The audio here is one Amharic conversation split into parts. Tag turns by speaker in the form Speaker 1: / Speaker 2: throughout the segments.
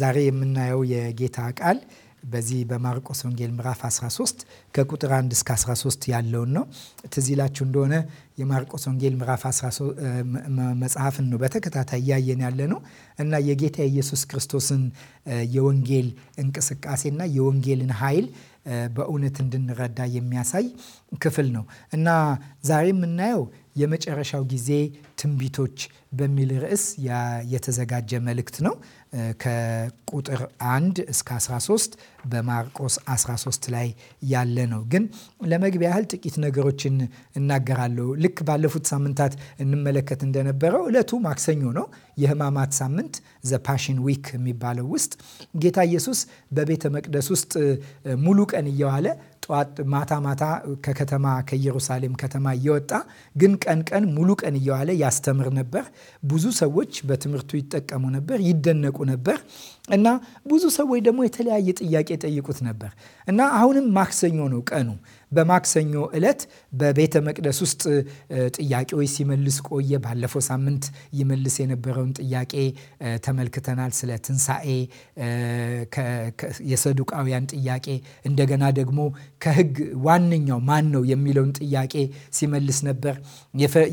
Speaker 1: ዛሬ የምናየው የጌታ ቃል በዚህ በማርቆስ ወንጌል ምዕራፍ 13 ከቁጥር 1 እስከ 13 ያለውን ነው። ትዝ ይላችሁ እንደሆነ የማርቆስ ወንጌል ምዕራፍ 13 መጽሐፍን ነው በተከታታይ እያየን ያለ ነው እና የጌታ የኢየሱስ ክርስቶስን የወንጌል እንቅስቃሴና የወንጌልን ኃይል በእውነት እንድንረዳ የሚያሳይ ክፍል ነው እና ዛሬ የምናየው የመጨረሻው ጊዜ ትንቢቶች በሚል ርዕስ የተዘጋጀ መልእክት ነው ከቁጥር 1 እስከ 13 በማርቆስ 13 ላይ ያለ ነው። ግን ለመግቢያ ያህል ጥቂት ነገሮችን እናገራለሁ። ልክ ባለፉት ሳምንታት እንመለከት እንደነበረው እለቱ ማክሰኞ ነው። የህማማት ሳምንት ዘ ፓሽን ዊክ የሚባለው ውስጥ ጌታ ኢየሱስ በቤተ መቅደስ ውስጥ ሙሉ ቀን እየዋለ ጠዋት ማታ ማታ ከከተማ ከኢየሩሳሌም ከተማ እየወጣ ግን ቀን ቀን ሙሉ ቀን እየዋለ ያስተምር ነበር። ብዙ ሰዎች በትምህርቱ ይጠቀሙ ነበር፣ ይደነቁ ነበር እና ብዙ ሰዎች ደግሞ የተለያየ ጥያቄ ጠይቁት ነበር እና አሁንም ማክሰኞ ነው ቀኑ በማክሰኞ ዕለት በቤተ መቅደስ ውስጥ ጥያቄዎች ሲመልስ ቆየ። ባለፈው ሳምንት ይመልስ የነበረውን ጥያቄ ተመልክተናል። ስለ ትንሣኤ የሰዱቃውያን ጥያቄ፣ እንደገና ደግሞ ከሕግ ዋነኛው ማን ነው የሚለውን ጥያቄ ሲመልስ ነበር።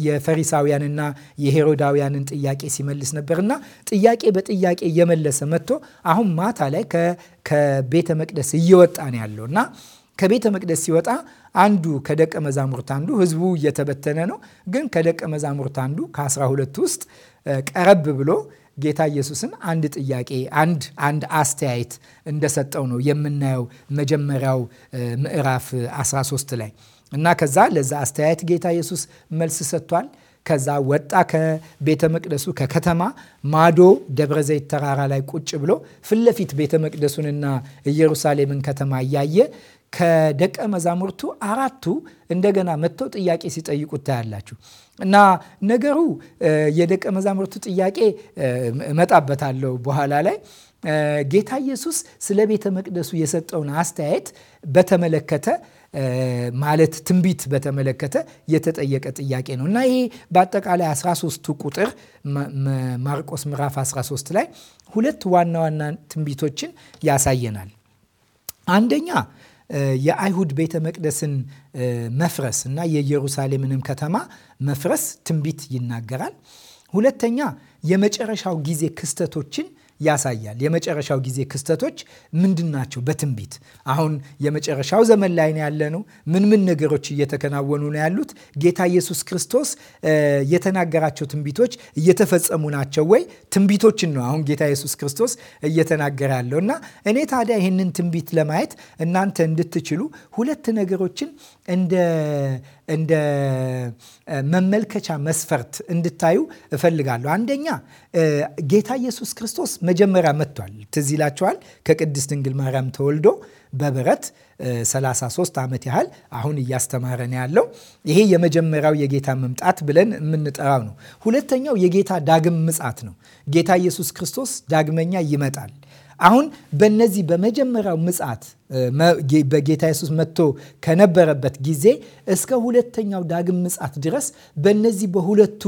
Speaker 1: የፈሪሳውያንና የሄሮዳውያንን ጥያቄ ሲመልስ ነበር እና ጥያቄ በጥያቄ እየመለሰ መጥቶ አሁን ማታ ላይ ከቤተ መቅደስ እየወጣ ነው ያለው እና ከቤተ መቅደስ ሲወጣ አንዱ ከደቀ መዛሙርት አንዱ ህዝቡ እየተበተነ ነው፣ ግን ከደቀ መዛሙርት አንዱ ከአስራ ሁለቱ ውስጥ ቀረብ ብሎ ጌታ ኢየሱስን አንድ ጥያቄ አንድ አንድ አስተያየት እንደሰጠው ነው የምናየው መጀመሪያው ምዕራፍ 13 ላይ እና ከዛ ለዛ አስተያየት ጌታ ኢየሱስ መልስ ሰጥቷል። ከዛ ወጣ ከቤተ መቅደሱ ከከተማ ማዶ ደብረ ዘይት ተራራ ላይ ቁጭ ብሎ ፊትለፊት ቤተ መቅደሱንና ኢየሩሳሌምን ከተማ እያየ ከደቀ መዛሙርቱ አራቱ እንደገና መጥተው ጥያቄ ሲጠይቁ ታያላችሁ። እና ነገሩ የደቀ መዛሙርቱ ጥያቄ እመጣበታለሁ በኋላ ላይ ጌታ ኢየሱስ ስለ ቤተ መቅደሱ የሰጠውን አስተያየት በተመለከተ ማለት ትንቢት በተመለከተ የተጠየቀ ጥያቄ ነው እና ይሄ በአጠቃላይ 13ቱ ቁጥር ማርቆስ ምዕራፍ 13 ላይ ሁለት ዋና ዋና ትንቢቶችን ያሳየናል። አንደኛ የአይሁድ ቤተ መቅደስን መፍረስ እና የኢየሩሳሌምንም ከተማ መፍረስ ትንቢት ይናገራል። ሁለተኛ የመጨረሻው ጊዜ ክስተቶችን ያሳያል። የመጨረሻው ጊዜ ክስተቶች ምንድን ናቸው? በትንቢት አሁን የመጨረሻው ዘመን ላይ ነው ነው። ምን ምን ነገሮች እየተከናወኑ ነው ያሉት? ጌታ ኢየሱስ ክርስቶስ የተናገራቸው ትንቢቶች እየተፈጸሙ ናቸው ወይ? ትንቢቶችን ነው አሁን ጌታ ኢየሱስ ክርስቶስ እየተናገረ ያለው እና እኔ ታዲያ ይህንን ትንቢት ለማየት እናንተ እንድትችሉ ሁለት ነገሮችን እንደ እንደ መመልከቻ መስፈርት እንድታዩ እፈልጋለሁ። አንደኛ ጌታ ኢየሱስ ክርስቶስ መጀመሪያ መጥቷል። ትዝ ይላችኋል። ከቅድስት ድንግል ማርያም ተወልዶ በበረት 33 ዓመት ያህል አሁን እያስተማረን ያለው ይሄ የመጀመሪያው የጌታ መምጣት ብለን የምንጠራው ነው። ሁለተኛው የጌታ ዳግም ምጻት ነው። ጌታ ኢየሱስ ክርስቶስ ዳግመኛ ይመጣል። አሁን በነዚህ በመጀመሪያው ምጻት በጌታ የሱስ መጥቶ ከነበረበት ጊዜ እስከ ሁለተኛው ዳግም ምጻት ድረስ በእነዚህ በሁለቱ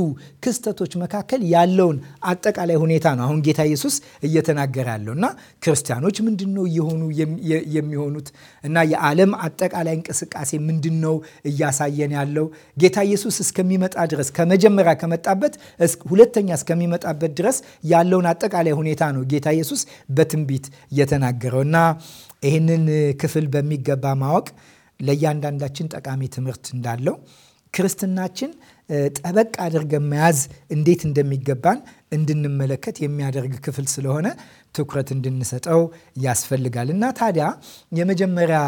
Speaker 1: ክስተቶች መካከል ያለውን አጠቃላይ ሁኔታ ነው አሁን ጌታ ኢየሱስ እየተናገረ ያለው እና ክርስቲያኖች ምንድን ነው እየሆኑ የሚሆኑት እና የዓለም አጠቃላይ እንቅስቃሴ ምንድን ነው እያሳየን ያለው ጌታ ኢየሱስ እስከሚመጣ ድረስ ከመጀመሪያ ከመጣበት ሁለተኛ እስከሚመጣበት ድረስ ያለውን አጠቃላይ ሁኔታ ነው ጌታ ኢየሱስ በትንቢት እየተናገረው እና ይህንን ክፍል በሚገባ ማወቅ ለእያንዳንዳችን ጠቃሚ ትምህርት እንዳለው ክርስትናችን ጠበቅ አድርገን መያዝ እንዴት እንደሚገባን እንድንመለከት የሚያደርግ ክፍል ስለሆነ ትኩረት እንድንሰጠው ያስፈልጋል። እና ታዲያ የመጀመሪያ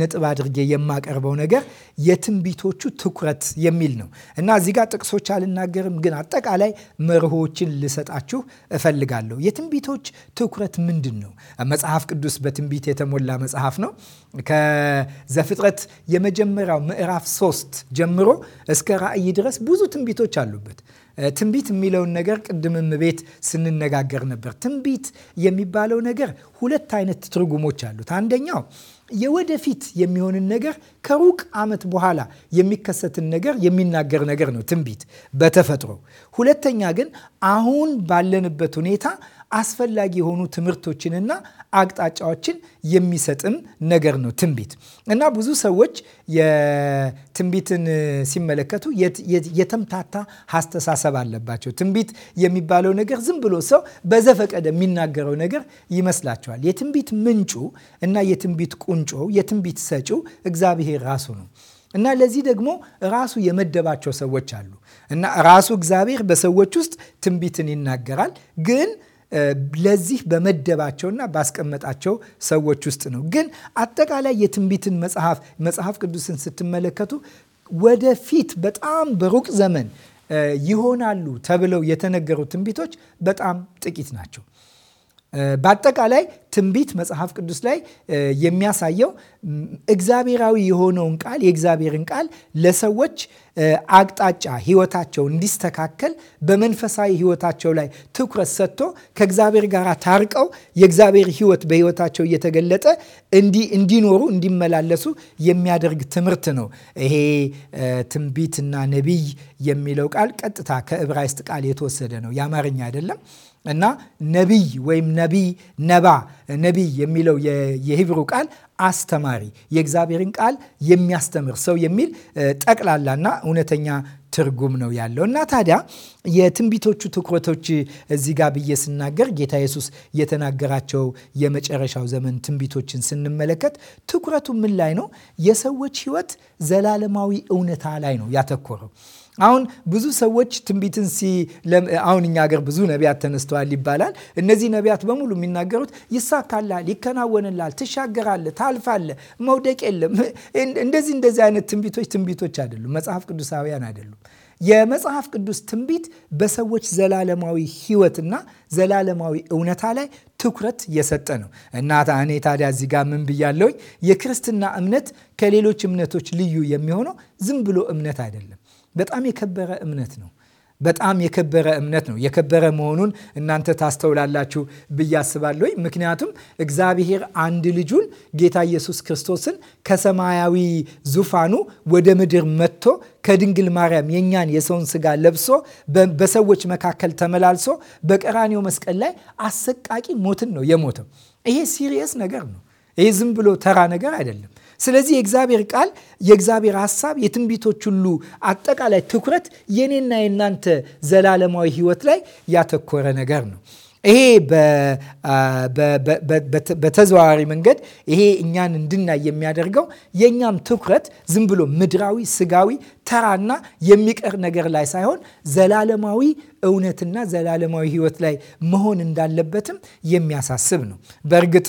Speaker 1: ነጥብ አድርጌ የማቀርበው ነገር የትንቢቶቹ ትኩረት የሚል ነው እና እዚህ ጋር ጥቅሶች አልናገርም፣ ግን አጠቃላይ መርሆችን ልሰጣችሁ እፈልጋለሁ። የትንቢቶች ትኩረት ምንድን ነው? መጽሐፍ ቅዱስ በትንቢት የተሞላ መጽሐፍ ነው። ከዘፍጥረት የመጀመሪያው ምዕራፍ ሶስት ጀምሮ እስከ ራእይ ድረስ ብዙ ትንቢቶች አሉበት። ትንቢት የሚለውን ነገር ቅድምም ቤት ስንነጋገር ነበር። ትንቢት የሚባለው ነገር ሁለት አይነት ትርጉሞች አሉት። አንደኛው የወደፊት የሚሆንን ነገር ከሩቅ ዓመት በኋላ የሚከሰትን ነገር የሚናገር ነገር ነው ትንቢት በተፈጥሮ። ሁለተኛ ግን አሁን ባለንበት ሁኔታ አስፈላጊ የሆኑ ትምህርቶችንና አቅጣጫዎችን የሚሰጥም ነገር ነው ትንቢት። እና ብዙ ሰዎች የትንቢትን ሲመለከቱ የተምታታ አስተሳሰብ አለባቸው። ትንቢት የሚባለው ነገር ዝም ብሎ ሰው በዘፈቀደ የሚናገረው ነገር ይመስላቸዋል። የትንቢት ምንጩ እና የትንቢት ቁንጮ፣ የትንቢት ሰጪው እግዚአብሔር ራሱ ነው። እና ለዚህ ደግሞ ራሱ የመደባቸው ሰዎች አሉ። እና ራሱ እግዚአብሔር በሰዎች ውስጥ ትንቢትን ይናገራል ግን ለዚህ በመደባቸውና ባስቀመጣቸው ሰዎች ውስጥ ነው። ግን አጠቃላይ የትንቢትን መጽሐፍ መጽሐፍ ቅዱስን ስትመለከቱ ወደፊት በጣም በሩቅ ዘመን ይሆናሉ ተብለው የተነገሩ ትንቢቶች በጣም ጥቂት ናቸው። በአጠቃላይ ትንቢት መጽሐፍ ቅዱስ ላይ የሚያሳየው እግዚአብሔራዊ የሆነውን ቃል የእግዚአብሔርን ቃል ለሰዎች አቅጣጫ ህይወታቸው እንዲስተካከል በመንፈሳዊ ህይወታቸው ላይ ትኩረት ሰጥቶ ከእግዚአብሔር ጋር ታርቀው የእግዚአብሔር ህይወት በህይወታቸው እየተገለጠ እንዲኖሩ እንዲመላለሱ የሚያደርግ ትምህርት ነው። ይሄ ትንቢትና ነቢይ የሚለው ቃል ቀጥታ ከዕብራይስጥ ቃል የተወሰደ ነው። የአማርኛ አይደለም። እና ነቢይ ወይም ነቢይ ነባ ነቢይ የሚለው የሂብሩ ቃል አስተማሪ፣ የእግዚአብሔርን ቃል የሚያስተምር ሰው የሚል ጠቅላላና እውነተኛ ትርጉም ነው ያለው። እና ታዲያ የትንቢቶቹ ትኩረቶች እዚህ ጋር ብዬ ስናገር ጌታ ኢየሱስ የተናገራቸው የመጨረሻው ዘመን ትንቢቶችን ስንመለከት ትኩረቱ ምን ላይ ነው? የሰዎች ሕይወት ዘላለማዊ እውነታ ላይ ነው ያተኮረው። አሁን ብዙ ሰዎች ትንቢትን ሲ አሁን እኛ ሀገር ብዙ ነቢያት ተነስተዋል ይባላል። እነዚህ ነቢያት በሙሉ የሚናገሩት ይሳካላል፣ ይከናወንላል፣ ትሻገራለ፣ ታልፋለ፣ መውደቅ የለም እንደዚህ እንደዚህ አይነት ትንቢቶች ትንቢቶች አይደሉም፣ መጽሐፍ ቅዱሳውያን አይደሉም። የመጽሐፍ ቅዱስ ትንቢት በሰዎች ዘላለማዊ ሕይወትና ዘላለማዊ እውነታ ላይ ትኩረት የሰጠ ነው እና እኔ ታዲያ እዚህ ጋር ምን ብያለውኝ? የክርስትና እምነት ከሌሎች እምነቶች ልዩ የሚሆነው ዝም ብሎ እምነት አይደለም በጣም የከበረ እምነት ነው። በጣም የከበረ እምነት ነው። የከበረ መሆኑን እናንተ ታስተውላላችሁ ብዬ አስባለሁ። ምክንያቱም እግዚአብሔር አንድ ልጁን ጌታ ኢየሱስ ክርስቶስን ከሰማያዊ ዙፋኑ ወደ ምድር መጥቶ ከድንግል ማርያም የእኛን የሰውን ስጋ ለብሶ በሰዎች መካከል ተመላልሶ በቀራኔው መስቀል ላይ አሰቃቂ ሞትን ነው የሞተው። ይሄ ሲሪየስ ነገር ነው። ይሄ ዝም ብሎ ተራ ነገር አይደለም። ስለዚህ የእግዚአብሔር ቃል የእግዚአብሔር ሀሳብ የትንቢቶች ሁሉ አጠቃላይ ትኩረት የኔና የናንተ ዘላለማዊ ህይወት ላይ ያተኮረ ነገር ነው። ይሄ በተዘዋዋሪ መንገድ ይሄ እኛን እንድናይ የሚያደርገው የእኛም ትኩረት ዝም ብሎ ምድራዊ፣ ስጋዊ፣ ተራና የሚቀር ነገር ላይ ሳይሆን ዘላለማዊ እውነትና ዘላለማዊ ህይወት ላይ መሆን እንዳለበትም የሚያሳስብ ነው በእርግጥ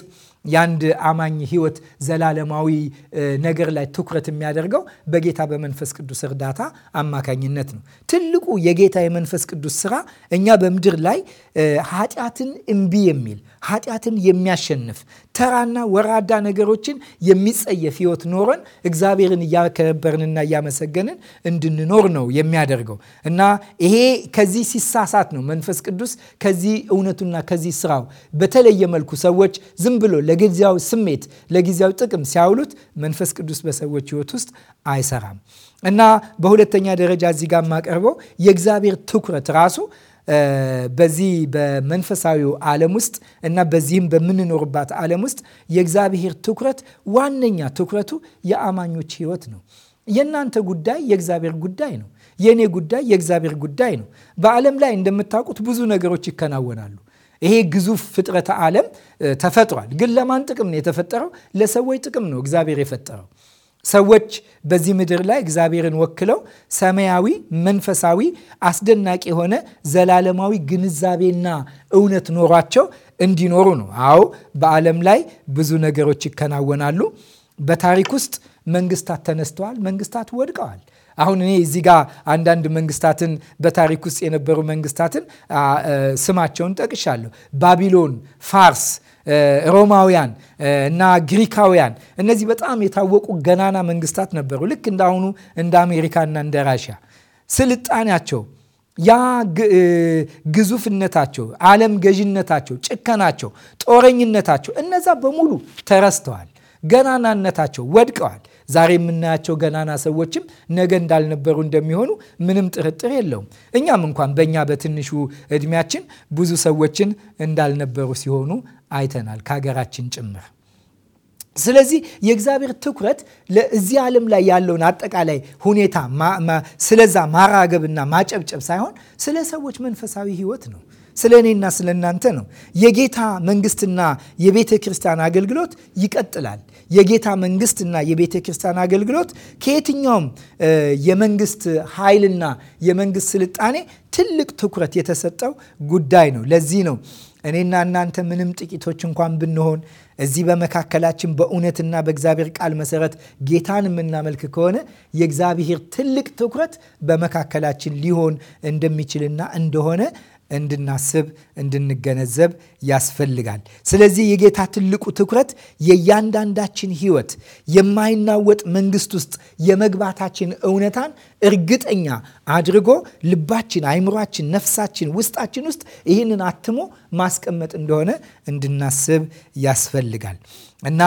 Speaker 1: የአንድ አማኝ ህይወት ዘላለማዊ ነገር ላይ ትኩረት የሚያደርገው በጌታ በመንፈስ ቅዱስ እርዳታ አማካኝነት ነው። ትልቁ የጌታ የመንፈስ ቅዱስ ስራ እኛ በምድር ላይ ኃጢአትን እምቢ የሚል ኃጢአትን የሚያሸንፍ ተራና ወራዳ ነገሮችን የሚጸየፍ ህይወት ኖረን እግዚአብሔርን እያከበርንና እያመሰገንን እንድንኖር ነው የሚያደርገው እና ይሄ ከዚህ ሲሳሳት ነው መንፈስ ቅዱስ ከዚህ እውነቱና ከዚህ ስራው በተለየ መልኩ ሰዎች ዝም ብሎ ለጊዜያዊ ስሜት ለጊዜያዊ ጥቅም ሲያውሉት መንፈስ ቅዱስ በሰዎች ህይወት ውስጥ አይሰራም እና በሁለተኛ ደረጃ እዚህ ጋር የማቀርበው የእግዚአብሔር ትኩረት ራሱ በዚህ በመንፈሳዊው ዓለም ውስጥ እና በዚህም በምንኖርባት ዓለም ውስጥ የእግዚአብሔር ትኩረት ዋነኛ ትኩረቱ የአማኞች ህይወት ነው። የእናንተ ጉዳይ የእግዚአብሔር ጉዳይ ነው። የእኔ ጉዳይ የእግዚአብሔር ጉዳይ ነው። በዓለም ላይ እንደምታውቁት ብዙ ነገሮች ይከናወናሉ። ይሄ ግዙፍ ፍጥረተ ዓለም ተፈጥሯል። ግን ለማን ጥቅም ነው የተፈጠረው? ለሰዎች ጥቅም ነው እግዚአብሔር የፈጠረው ሰዎች በዚህ ምድር ላይ እግዚአብሔርን ወክለው ሰማያዊ፣ መንፈሳዊ፣ አስደናቂ የሆነ ዘላለማዊ ግንዛቤና እውነት ኖሯቸው እንዲኖሩ ነው። አዎ በዓለም ላይ ብዙ ነገሮች ይከናወናሉ። በታሪክ ውስጥ መንግስታት ተነስተዋል፣ መንግስታት ወድቀዋል። አሁን እኔ እዚህ ጋ አንዳንድ መንግስታትን በታሪክ ውስጥ የነበሩ መንግስታትን ስማቸውን ጠቅሻለሁ። ባቢሎን፣ ፋርስ ሮማውያን እና ግሪካውያን እነዚህ በጣም የታወቁ ገናና መንግስታት ነበሩ። ልክ እንዳሁኑ እንደ አሜሪካና እንደ ራሽያ ስልጣኔያቸው ያ ግዙፍነታቸው፣ ዓለም ገዥነታቸው፣ ጭከናቸው፣ ጦረኝነታቸው እነዛ በሙሉ ተረስተዋል። ገናናነታቸው ወድቀዋል። ዛሬ የምናያቸው ገናና ሰዎችም ነገ እንዳልነበሩ እንደሚሆኑ ምንም ጥርጥር የለውም። እኛም እንኳን በእኛ በትንሹ እድሜያችን ብዙ ሰዎችን እንዳልነበሩ ሲሆኑ አይተናል ከሀገራችን ጭምር። ስለዚህ የእግዚአብሔር ትኩረት ለዚህ ዓለም ላይ ያለውን አጠቃላይ ሁኔታ ስለዛ ማራገብና ማጨብጨብ ሳይሆን ስለ ሰዎች መንፈሳዊ ሕይወት ነው። ስለ እኔና ስለ እናንተ ነው። የጌታ መንግስትና የቤተ ክርስቲያን አገልግሎት ይቀጥላል። የጌታ መንግስትና የቤተ ክርስቲያን አገልግሎት ከየትኛውም የመንግስት ኃይልና የመንግስት ስልጣኔ ትልቅ ትኩረት የተሰጠው ጉዳይ ነው። ለዚህ ነው እኔና እናንተ ምንም ጥቂቶች እንኳን ብንሆን እዚህ በመካከላችን በእውነትና በእግዚአብሔር ቃል መሰረት ጌታን የምናመልክ ከሆነ የእግዚአብሔር ትልቅ ትኩረት በመካከላችን ሊሆን እንደሚችልና እንደሆነ እንድናስብ እንድንገነዘብ ያስፈልጋል። ስለዚህ የጌታ ትልቁ ትኩረት የእያንዳንዳችን ሕይወት የማይናወጥ መንግስት ውስጥ የመግባታችን እውነታን እርግጠኛ አድርጎ ልባችን፣ አይምሯችን፣ ነፍሳችን፣ ውስጣችን ውስጥ ይህንን አትሞ ማስቀመጥ እንደሆነ እንድናስብ ያስፈልጋል እና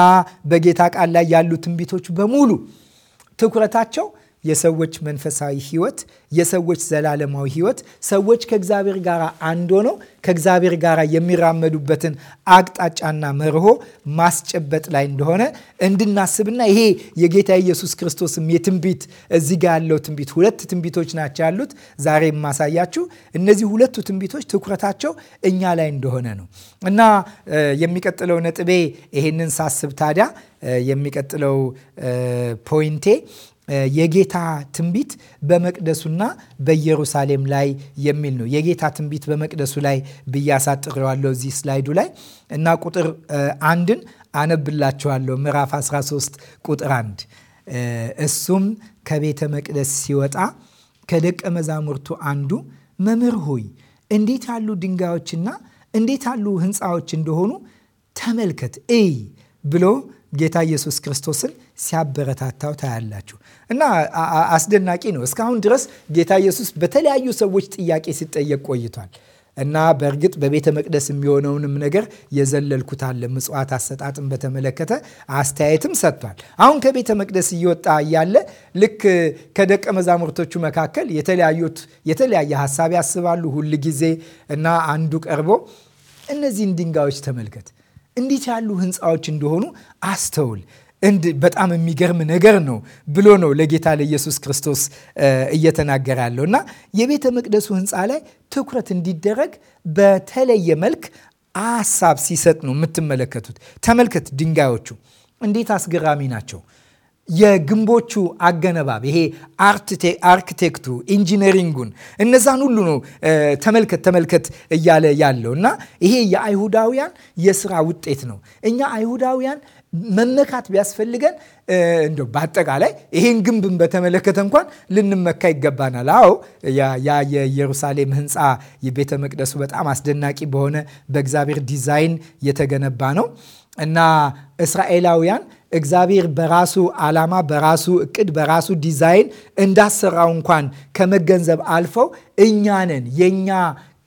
Speaker 1: በጌታ ቃል ላይ ያሉ ትንቢቶች በሙሉ ትኩረታቸው የሰዎች መንፈሳዊ ህይወት፣ የሰዎች ዘላለማዊ ህይወት ሰዎች ከእግዚአብሔር ጋር አንድ ሆነው ከእግዚአብሔር ጋር የሚራመዱበትን አቅጣጫና መርሆ ማስጨበጥ ላይ እንደሆነ እንድናስብና ይሄ የጌታ ኢየሱስ ክርስቶስም የትንቢት እዚህ ጋ ያለው ትንቢት ሁለት ትንቢቶች ናቸው ያሉት ዛሬ የማሳያችሁ እነዚህ ሁለቱ ትንቢቶች ትኩረታቸው እኛ ላይ እንደሆነ ነው እና የሚቀጥለው ነጥቤ ይሄንን ሳስብ ታዲያ የሚቀጥለው ፖይንቴ የጌታ ትንቢት በመቅደሱና በኢየሩሳሌም ላይ የሚል ነው። የጌታ ትንቢት በመቅደሱ ላይ ብያሳጥረዋለሁ እዚህ ስላይዱ ላይ እና ቁጥር አንድን አነብላችኋለሁ። ምዕራፍ 13 ቁጥር አንድ እሱም ከቤተ መቅደስ ሲወጣ ከደቀ መዛሙርቱ አንዱ መምህር ሆይ እንዴት ያሉ ድንጋዮችና እንዴት ያሉ ህንፃዎች እንደሆኑ ተመልከት እይ ብሎ ጌታ ኢየሱስ ክርስቶስን ሲያበረታታው ታያላችሁ እና አስደናቂ ነው። እስካሁን ድረስ ጌታ ኢየሱስ በተለያዩ ሰዎች ጥያቄ ሲጠየቅ ቆይቷል እና በእርግጥ በቤተ መቅደስ የሚሆነውንም ነገር የዘለልኩት አለ። ምጽዋት አሰጣጥን በተመለከተ አስተያየትም ሰጥቷል። አሁን ከቤተ መቅደስ እየወጣ እያለ ልክ ከደቀ መዛሙርቶቹ መካከል የተለያዩት የተለያየ ሀሳብ ያስባሉ ሁል ጊዜ እና አንዱ ቀርቦ እነዚህን ድንጋዮች ተመልከት፣ እንዴት ያሉ ህንፃዎች እንደሆኑ አስተውል እንድ በጣም የሚገርም ነገር ነው ብሎ ነው ለጌታ ለኢየሱስ ክርስቶስ እየተናገረ ያለው እና የቤተ መቅደሱ ህንፃ ላይ ትኩረት እንዲደረግ በተለየ መልክ ሀሳብ ሲሰጥ ነው የምትመለከቱት። ተመልከት፣ ድንጋዮቹ እንዴት አስገራሚ ናቸው። የግንቦቹ አገነባብ ይሄ አርክቴክቱ ኢንጂነሪንጉን እነዛን ሁሉ ነው ተመልከት ተመልከት እያለ ያለው እና ይሄ የአይሁዳውያን የስራ ውጤት ነው። እኛ አይሁዳውያን መመካት ቢያስፈልገን እንደ በአጠቃላይ ይህን ግንብን በተመለከተ እንኳን ልንመካ ይገባናል። አዎ ያ የኢየሩሳሌም ህንፃ የቤተ መቅደሱ በጣም አስደናቂ በሆነ በእግዚአብሔር ዲዛይን የተገነባ ነው እና እስራኤላውያን እግዚአብሔር በራሱ ዓላማ፣ በራሱ እቅድ፣ በራሱ ዲዛይን እንዳሰራው እንኳን ከመገንዘብ አልፈው እኛንን የእኛ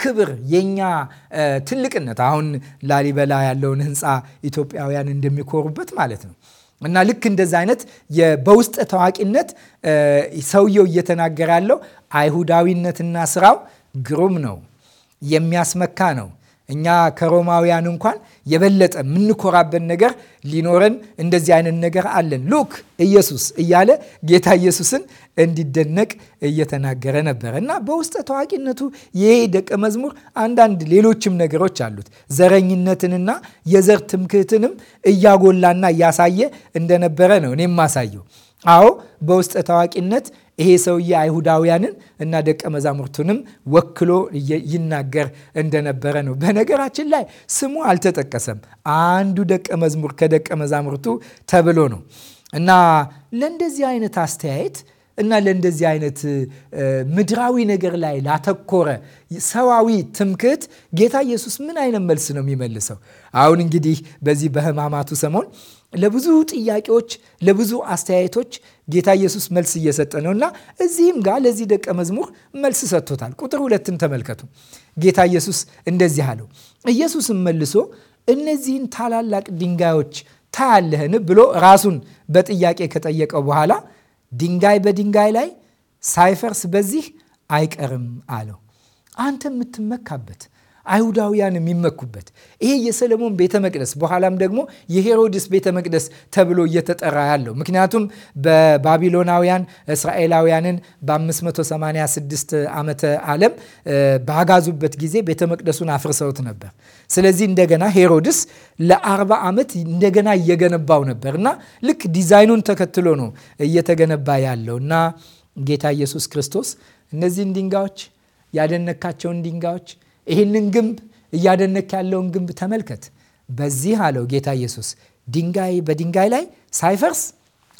Speaker 1: ክብር የኛ ትልቅነት አሁን ላሊበላ ያለውን ህንፃ ኢትዮጵያውያን እንደሚኮሩበት ማለት ነው። እና ልክ እንደዚ አይነት በውስጠ ታዋቂነት ሰውየው እየተናገረ ያለው አይሁዳዊነትና ስራው ግሩም ነው፣ የሚያስመካ ነው። እኛ ከሮማውያን እንኳን የበለጠ የምንኮራበት ነገር ሊኖረን እንደዚህ አይነት ነገር አለን። ሉክ ኢየሱስ እያለ ጌታ ኢየሱስን እንዲደነቅ እየተናገረ ነበረ እና በውስጠ ታዋቂነቱ ይሄ ደቀ መዝሙር አንዳንድ ሌሎችም ነገሮች አሉት። ዘረኝነትንና የዘር ትምክህትንም እያጎላና እያሳየ እንደነበረ ነው እኔም ማሳየው። አዎ በውስጠ ታዋቂነት ይሄ ሰውዬ አይሁዳውያንን እና ደቀ መዛሙርቱንም ወክሎ ይናገር እንደነበረ ነው። በነገራችን ላይ ስሙ አልተጠቀሰም። አንዱ ደቀ መዝሙር ከደቀ መዛሙርቱ ተብሎ ነው እና ለእንደዚህ አይነት አስተያየት እና ለእንደዚህ አይነት ምድራዊ ነገር ላይ ላተኮረ ሰዋዊ ትምክህት ጌታ ኢየሱስ ምን አይነት መልስ ነው የሚመልሰው? አሁን እንግዲህ በዚህ በሕማማቱ ሰሞን ለብዙ ጥያቄዎች፣ ለብዙ አስተያየቶች ጌታ ኢየሱስ መልስ እየሰጠ ነው እና እዚህም ጋር ለዚህ ደቀ መዝሙር መልስ ሰጥቶታል። ቁጥር ሁለትን ተመልከቱ። ጌታ ኢየሱስ እንደዚህ አለው። ኢየሱስም መልሶ እነዚህን ታላላቅ ድንጋዮች ታያለህን ብሎ ራሱን በጥያቄ ከጠየቀው በኋላ ድንጋይ በድንጋይ ላይ ሳይፈርስ በዚህ አይቀርም አለው። አንተ የምትመካበት አይሁዳውያን የሚመኩበት ይሄ የሰለሞን ቤተ መቅደስ በኋላም ደግሞ የሄሮድስ ቤተ መቅደስ ተብሎ እየተጠራ ያለው ምክንያቱም በባቢሎናውያን እስራኤላውያንን በ586 ዓመተ ዓለም ባጋዙበት ጊዜ ቤተ መቅደሱን አፍርሰውት ነበር። ስለዚህ እንደገና ሄሮድስ ለ40 ዓመት እንደገና እየገነባው ነበር እና ልክ ዲዛይኑን ተከትሎ ነው እየተገነባ ያለው እና ጌታ ኢየሱስ ክርስቶስ እነዚህን ድንጋዮች ያደነካቸውን ድንጋዮች ይህንን ግንብ እያደነክ ያለውን ግንብ ተመልከት። በዚህ አለው ጌታ ኢየሱስ ድንጋይ በድንጋይ ላይ ሳይፈርስ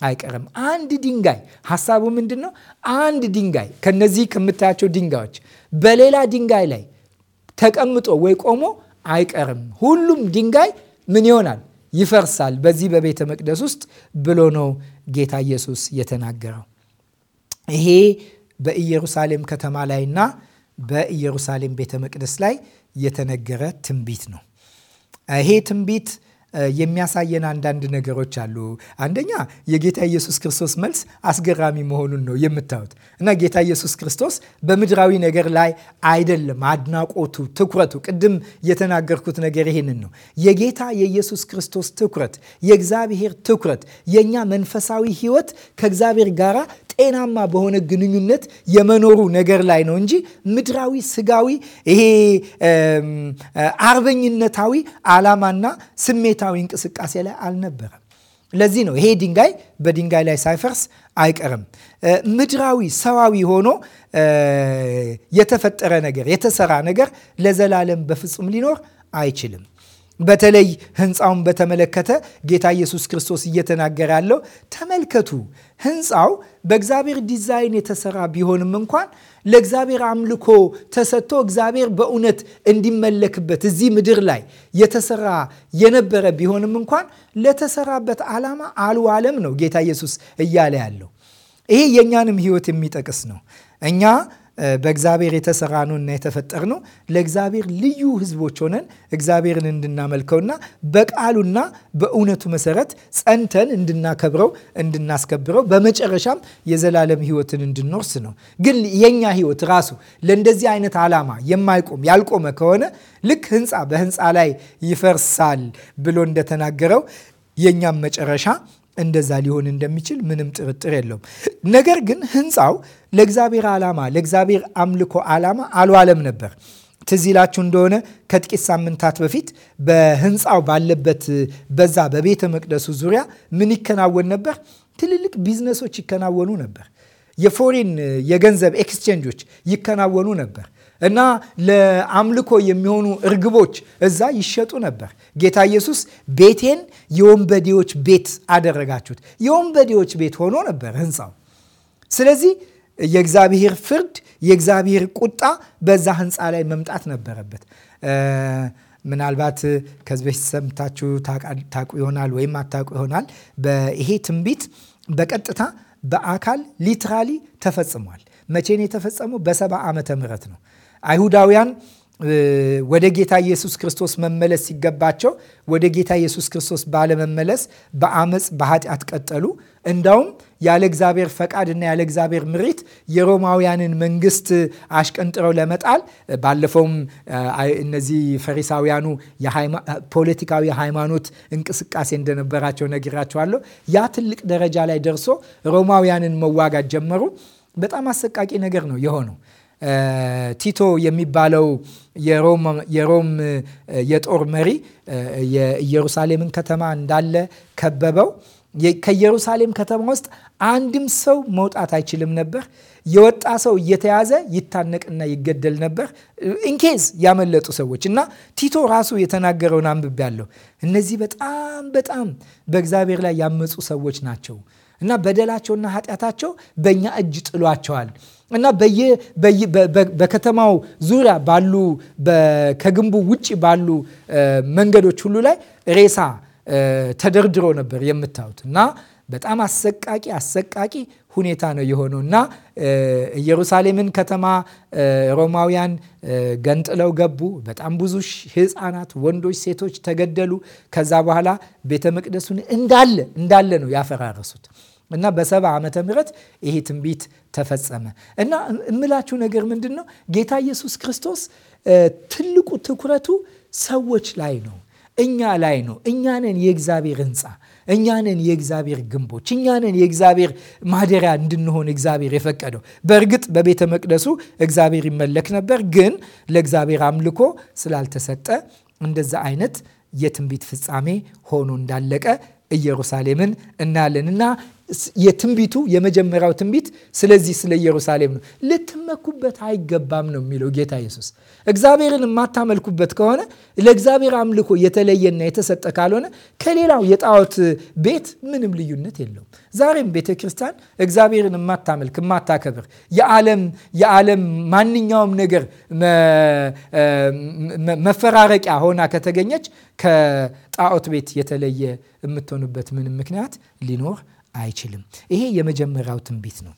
Speaker 1: አይቀርም። አንድ ድንጋይ ሀሳቡ ምንድን ነው? አንድ ድንጋይ ከነዚህ ከምታያቸው ድንጋዮች በሌላ ድንጋይ ላይ ተቀምጦ ወይ ቆሞ አይቀርም። ሁሉም ድንጋይ ምን ይሆናል? ይፈርሳል። በዚህ በቤተ መቅደስ ውስጥ ብሎ ነው ጌታ ኢየሱስ የተናገረው። ይሄ በኢየሩሳሌም ከተማ ላይና በኢየሩሳሌም ቤተ መቅደስ ላይ የተነገረ ትንቢት ነው። ይሄ ትንቢት የሚያሳየን አንዳንድ ነገሮች አሉ። አንደኛ የጌታ ኢየሱስ ክርስቶስ መልስ አስገራሚ መሆኑን ነው የምታዩት እና ጌታ ኢየሱስ ክርስቶስ በምድራዊ ነገር ላይ አይደለም አድናቆቱ፣ ትኩረቱ ቅድም የተናገርኩት ነገር ይሄንን ነው። የጌታ የኢየሱስ ክርስቶስ ትኩረት፣ የእግዚአብሔር ትኩረት፣ የእኛ መንፈሳዊ ሕይወት ከእግዚአብሔር ጋራ ጤናማ በሆነ ግንኙነት የመኖሩ ነገር ላይ ነው እንጂ ምድራዊ፣ ስጋዊ ይሄ አርበኝነታዊ ዓላማና ስሜታዊ እንቅስቃሴ ላይ አልነበረም። ለዚህ ነው ይሄ ድንጋይ በድንጋይ ላይ ሳይፈርስ አይቀርም። ምድራዊ ሰዋዊ ሆኖ የተፈጠረ ነገር የተሰራ ነገር ለዘላለም በፍጹም ሊኖር አይችልም። በተለይ ህንፃውን በተመለከተ ጌታ ኢየሱስ ክርስቶስ እየተናገረ ያለው ተመልከቱ፣ ህንፃው በእግዚአብሔር ዲዛይን የተሰራ ቢሆንም እንኳን ለእግዚአብሔር አምልኮ ተሰጥቶ እግዚአብሔር በእውነት እንዲመለክበት እዚህ ምድር ላይ የተሰራ የነበረ ቢሆንም እንኳን ለተሰራበት ዓላማ አልዋለም ነው ጌታ ኢየሱስ እያለ ያለው። ይሄ የእኛንም ህይወት የሚጠቅስ ነው። እኛ በእግዚአብሔር የተፈጠር ነው ለእግዚአብሔር ልዩ ህዝቦች ሆነን እግዚአብሔርን እንድናመልከውና በቃሉና በእውነቱ መሰረት ጸንተን እንድናከብረው እንድናስከብረው በመጨረሻም የዘላለም ህይወትን እንድንወርስ ነው። ግን የኛ ህይወት ራሱ ለእንደዚህ አይነት ዓላማ የማይቆም ያልቆመ ከሆነ ልክ ህንፃ በህንፃ ላይ ይፈርሳል ብሎ እንደተናገረው የእኛም መጨረሻ እንደዛ ሊሆን እንደሚችል ምንም ጥርጥር የለውም። ነገር ግን ህንፃው ለእግዚአብሔር ዓላማ ለእግዚአብሔር አምልኮ ዓላማ አልዋለም ነበር። ትዝ ይላችሁ እንደሆነ ከጥቂት ሳምንታት በፊት በህንፃው ባለበት በዛ በቤተ መቅደሱ ዙሪያ ምን ይከናወን ነበር? ትልልቅ ቢዝነሶች ይከናወኑ ነበር። የፎሪን የገንዘብ ኤክስቼንጆች ይከናወኑ ነበር። እና ለአምልኮ የሚሆኑ እርግቦች እዛ ይሸጡ ነበር። ጌታ ኢየሱስ ቤቴን የወንበዴዎች ቤት አደረጋችሁት። የወንበዴዎች ቤት ሆኖ ነበር ህንፃው። ስለዚህ የእግዚአብሔር ፍርድ፣ የእግዚአብሔር ቁጣ በዛ ህንፃ ላይ መምጣት ነበረበት። ምናልባት ከዚህ በፊት ሰምታችሁ ታቁ ይሆናል ወይም አታቁ ይሆናል። ይሄ ትንቢት በቀጥታ በአካል ሊትራሊ ተፈጽሟል። መቼን የተፈጸመው? በሰባ ዓመተ ምህረት ነው አይሁዳውያን ወደ ጌታ ኢየሱስ ክርስቶስ መመለስ ሲገባቸው ወደ ጌታ ኢየሱስ ክርስቶስ ባለመመለስ በአመፅ በኃጢአት ቀጠሉ። እንዳውም ያለ እግዚአብሔር ፈቃድ እና ያለ እግዚአብሔር ምሪት የሮማውያንን መንግስት አሽቀንጥረው ለመጣል ባለፈውም እነዚህ ፈሪሳውያኑ ፖለቲካዊ ሃይማኖት እንቅስቃሴ እንደነበራቸው ነግራቸዋለሁ። ያ ትልቅ ደረጃ ላይ ደርሶ ሮማውያንን መዋጋት ጀመሩ። በጣም አሰቃቂ ነገር ነው የሆነው። ቲቶ የሚባለው የሮም የጦር መሪ የኢየሩሳሌምን ከተማ እንዳለ ከበበው። ከኢየሩሳሌም ከተማ ውስጥ አንድም ሰው መውጣት አይችልም ነበር። የወጣ ሰው እየተያዘ ይታነቅና ይገደል ነበር፣ ኢንኬዝ ያመለጡ ሰዎች እና ቲቶ ራሱ የተናገረውን ያለው እነዚህ በጣም በጣም በእግዚአብሔር ላይ ያመፁ ሰዎች ናቸው እና በደላቸውና ኃጢአታቸው በእኛ እጅ ጥሏቸዋል እና በከተማው ዙሪያ ባሉ ከግንቡ ውጭ ባሉ መንገዶች ሁሉ ላይ ሬሳ ተደርድሮ ነበር የምታዩት እና በጣም አሰቃቂ አሰቃቂ ሁኔታ ነው የሆነው እና ኢየሩሳሌምን ከተማ ሮማውያን ገንጥለው ገቡ። በጣም ብዙ ሕፃናት፣ ወንዶች፣ ሴቶች ተገደሉ። ከዛ በኋላ ቤተ መቅደሱን እንዳለ እንዳለ ነው ያፈራረሱት። እና በሰባ ዓመተ ምህረት ይሄ ትንቢት ተፈጸመ። እና እምላችሁ ነገር ምንድን ነው? ጌታ ኢየሱስ ክርስቶስ ትልቁ ትኩረቱ ሰዎች ላይ ነው፣ እኛ ላይ ነው። እኛንን የእግዚአብሔር ህንፃ እኛንን የእግዚአብሔር ግንቦች፣ እኛንን የእግዚአብሔር ማደሪያ እንድንሆን እግዚአብሔር የፈቀደው። በእርግጥ በቤተ መቅደሱ እግዚአብሔር ይመለክ ነበር፣ ግን ለእግዚአብሔር አምልኮ ስላልተሰጠ እንደዛ አይነት የትንቢት ፍጻሜ ሆኖ እንዳለቀ ኢየሩሳሌምን እናያለን እና የትንቢቱ የመጀመሪያው ትንቢት ስለዚህ ስለ ኢየሩሳሌም ነው። ልትመኩበት አይገባም ነው የሚለው ጌታ ኢየሱስ። እግዚአብሔርን የማታመልኩበት ከሆነ ለእግዚአብሔር አምልኮ የተለየና የተሰጠ ካልሆነ ከሌላው የጣዖት ቤት ምንም ልዩነት የለውም። ዛሬም ቤተ ክርስቲያን እግዚአብሔርን የማታመልክ የማታከብር፣ የዓለም የዓለም ማንኛውም ነገር መፈራረቂያ ሆና ከተገኘች ከጣዖት ቤት የተለየ የምትሆንበት ምንም ምክንያት ሊኖር አይችልም። ይሄ የመጀመሪያው ትንቢት ነው።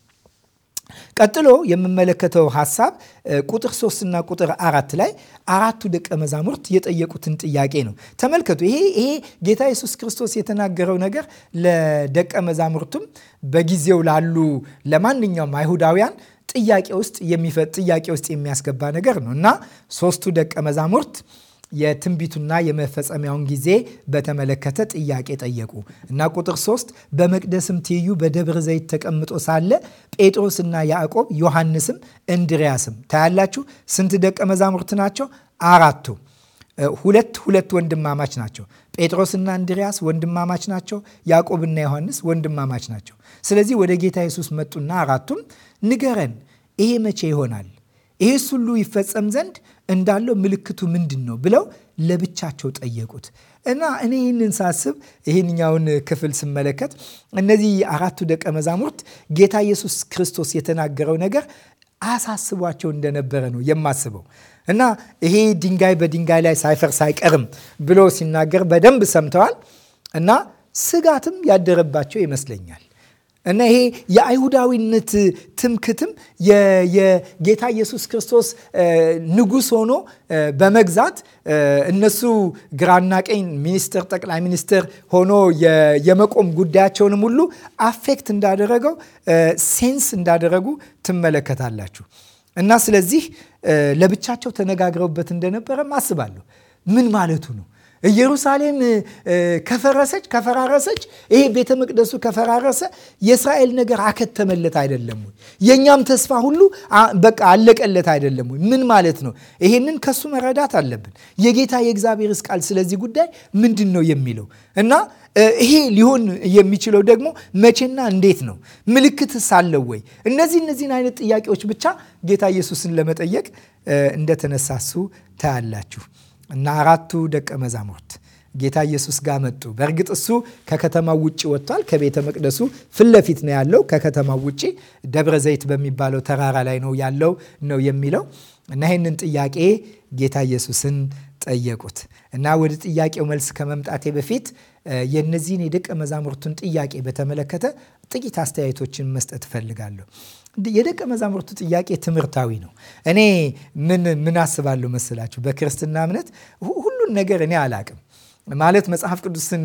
Speaker 1: ቀጥሎ የምመለከተው ሀሳብ ቁጥር ሶስት እና ቁጥር አራት ላይ አራቱ ደቀ መዛሙርት የጠየቁትን ጥያቄ ነው። ተመልከቱ። ይሄ ይሄ ጌታ ኢየሱስ ክርስቶስ የተናገረው ነገር ለደቀ መዛሙርቱም በጊዜው ላሉ ለማንኛውም አይሁዳውያን ጥያቄ ውስጥ የሚያስገባ ነገር ነው እና ሶስቱ ደቀ መዛሙርት የትንቢቱና የመፈጸሚያውን ጊዜ በተመለከተ ጥያቄ ጠየቁ እና ቁጥር ሶስት በመቅደስም ትይዩ በደብረ ዘይት ተቀምጦ ሳለ ጴጥሮስና ያዕቆብ ዮሐንስም እንድሪያስም ታያላችሁ። ስንት ደቀ መዛሙርት ናቸው? አራቱ ሁለት ሁለት ወንድማማች ናቸው። ጴጥሮስና እንድሪያስ ወንድማማች ናቸው። ያዕቆብና ዮሐንስ ወንድማማች ናቸው። ስለዚህ ወደ ጌታ የሱስ መጡና አራቱም ንገረን፣ ይሄ መቼ ይሆናል? ይሄስ ሁሉ ይፈጸም ዘንድ እንዳለው ምልክቱ ምንድን ነው ብለው ለብቻቸው ጠየቁት። እና እኔ ይህንን ሳስብ ይህንኛውን ክፍል ስመለከት እነዚህ አራቱ ደቀ መዛሙርት ጌታ ኢየሱስ ክርስቶስ የተናገረው ነገር አሳስቧቸው እንደነበረ ነው የማስበው። እና ይሄ ድንጋይ በድንጋይ ላይ ሳይፈርስ አይቀርም ብሎ ሲናገር በደንብ ሰምተዋል እና ስጋትም ያደረባቸው ይመስለኛል። እና ይሄ የአይሁዳዊነት ትምክትም የጌታ ኢየሱስ ክርስቶስ ንጉሥ ሆኖ በመግዛት እነሱ ግራና ቀኝ ሚኒስትር፣ ጠቅላይ ሚኒስትር ሆኖ የመቆም ጉዳያቸውንም ሁሉ አፌክት እንዳደረገው ሴንስ እንዳደረጉ ትመለከታላችሁ። እና ስለዚህ ለብቻቸው ተነጋግረውበት እንደነበረ ማስባለሁ ምን ማለቱ ነው? ኢየሩሳሌም ከፈረሰች ከፈራረሰች ይሄ ቤተ መቅደሱ ከፈራረሰ የእስራኤል ነገር አከተመለት አይደለም ወይ? የእኛም ተስፋ ሁሉ በቃ አለቀለት አይደለም ወይ? ምን ማለት ነው? ይሄንን ከሱ መረዳት አለብን። የጌታ የእግዚአብሔርስ ቃል ስለዚህ ጉዳይ ምንድን ነው የሚለው እና ይሄ ሊሆን የሚችለው ደግሞ መቼና እንዴት ነው? ምልክትስ አለው ወይ? እነዚህ እነዚህን አይነት ጥያቄዎች ብቻ ጌታ ኢየሱስን ለመጠየቅ እንደተነሳሱ ታያላችሁ። እና አራቱ ደቀ መዛሙርት ጌታ ኢየሱስ ጋር መጡ። በእርግጥ እሱ ከከተማው ውጭ ወጥቷል። ከቤተ መቅደሱ ፊት ለፊት ነው ያለው። ከከተማው ውጭ ደብረ ዘይት በሚባለው ተራራ ላይ ነው ያለው ነው የሚለው እና ይህንን ጥያቄ ጌታ ኢየሱስን ጠየቁት እና ወደ ጥያቄው መልስ ከመምጣቴ በፊት የእነዚህን የደቀ መዛሙርቱን ጥያቄ በተመለከተ ጥቂት አስተያየቶችን መስጠት እፈልጋለሁ። የደቀ መዛሙርቱ ጥያቄ ትምህርታዊ ነው። እኔ ምን ምን አስባለሁ መስላችሁ? በክርስትና እምነት ሁሉን ነገር እኔ አላቅም ማለት መጽሐፍ ቅዱስን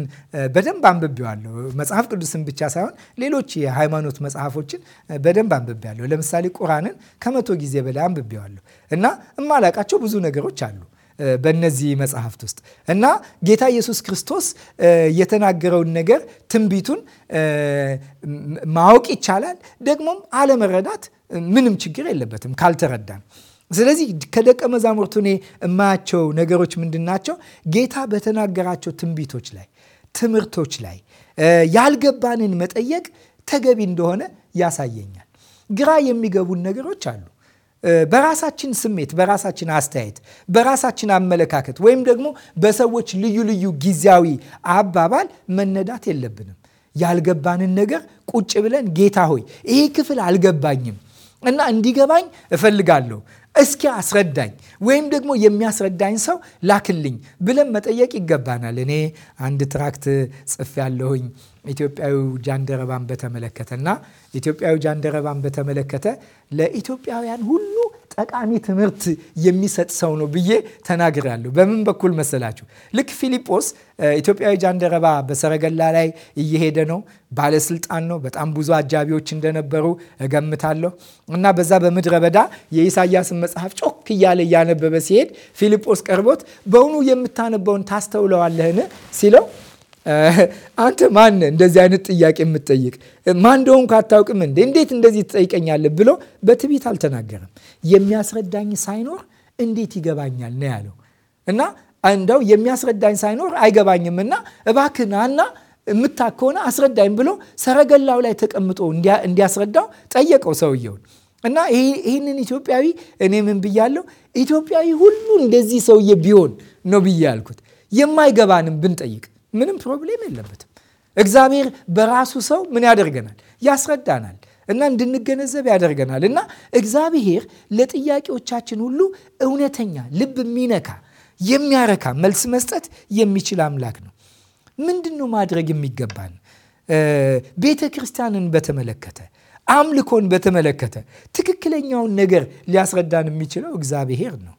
Speaker 1: በደንብ አንብቤዋለሁ። መጽሐፍ ቅዱስን ብቻ ሳይሆን ሌሎች የሃይማኖት መጽሐፎችን በደንብ አንብቤዋለሁ። ለምሳሌ ቁራንን ከመቶ ጊዜ በላይ አንብቤዋለሁ እና እማላቃቸው ብዙ ነገሮች አሉ በነዚህ መጽሐፍት ውስጥ እና ጌታ ኢየሱስ ክርስቶስ የተናገረውን ነገር ትንቢቱን ማወቅ ይቻላል። ደግሞም አለመረዳት ምንም ችግር የለበትም ካልተረዳን። ስለዚህ ከደቀ መዛሙርቱ እኔ የማያቸው ነገሮች ምንድን ናቸው? ጌታ በተናገራቸው ትንቢቶች ላይ ትምህርቶች ላይ ያልገባንን መጠየቅ ተገቢ እንደሆነ ያሳየኛል። ግራ የሚገቡን ነገሮች አሉ በራሳችን ስሜት፣ በራሳችን አስተያየት፣ በራሳችን አመለካከት ወይም ደግሞ በሰዎች ልዩ ልዩ ጊዜያዊ አባባል መነዳት የለብንም። ያልገባንን ነገር ቁጭ ብለን ጌታ ሆይ ይሄ ክፍል አልገባኝም እና እንዲገባኝ እፈልጋለሁ እስኪ አስረዳኝ ወይም ደግሞ የሚያስረዳኝ ሰው ላክልኝ ብለን መጠየቅ ይገባናል። እኔ አንድ ትራክት ጽፌ ያለሁኝ ኢትዮጵያዊ ጃንደረባን በተመለከተ እና ኢትዮጵያዊ ጃንደረባን በተመለከተ ለኢትዮጵያውያን ሁሉ ጠቃሚ ትምህርት የሚሰጥ ሰው ነው ብዬ ተናግራለሁ። በምን በኩል መሰላችሁ? ልክ ፊልጶስ ኢትዮጵያዊ ጃንደረባ በሰረገላ ላይ እየሄደ ነው። ባለስልጣን ነው። በጣም ብዙ አጃቢዎች እንደነበሩ እገምታለሁ እና በዛ በምድረ በዳ የኢሳያስን መጽሐፍ ጮክ እያለ እያነበበ ሲሄድ ፊልጶስ ቀርቦት በውኑ የምታነበውን ታስተውለዋለህን ሲለው አንተ ማን እንደዚህ አይነት ጥያቄ የምትጠይቅ ማን እንደሆንኩ አታውቅም እንዴ? እንዴት እንደዚህ ትጠይቀኛለህ? ብሎ በትቢት አልተናገረም። የሚያስረዳኝ ሳይኖር እንዴት ይገባኛል ነው ያለው እና እንደው የሚያስረዳኝ ሳይኖር አይገባኝም እና እባክህ ናና የምታ ከሆነ አስረዳኝ ብሎ ሰረገላው ላይ ተቀምጦ እንዲያስረዳው ጠየቀው ሰውየውን። እና ይህንን ኢትዮጵያዊ እኔ ምን ብያለሁ? ኢትዮጵያዊ ሁሉ እንደዚህ ሰውዬ ቢሆን ነው ብዬ ያልኩት። የማይገባንም ብንጠይቅ ምንም ፕሮብሌም የለበትም። እግዚአብሔር በራሱ ሰው ምን ያደርገናል? ያስረዳናል እና እንድንገነዘብ ያደርገናል እና እግዚአብሔር ለጥያቄዎቻችን ሁሉ እውነተኛ ልብ የሚነካ የሚያረካ መልስ መስጠት የሚችል አምላክ ነው። ምንድን ነው ማድረግ የሚገባን? ቤተ ክርስቲያንን በተመለከተ አምልኮን በተመለከተ ትክክለኛውን ነገር ሊያስረዳን የሚችለው እግዚአብሔር ነው።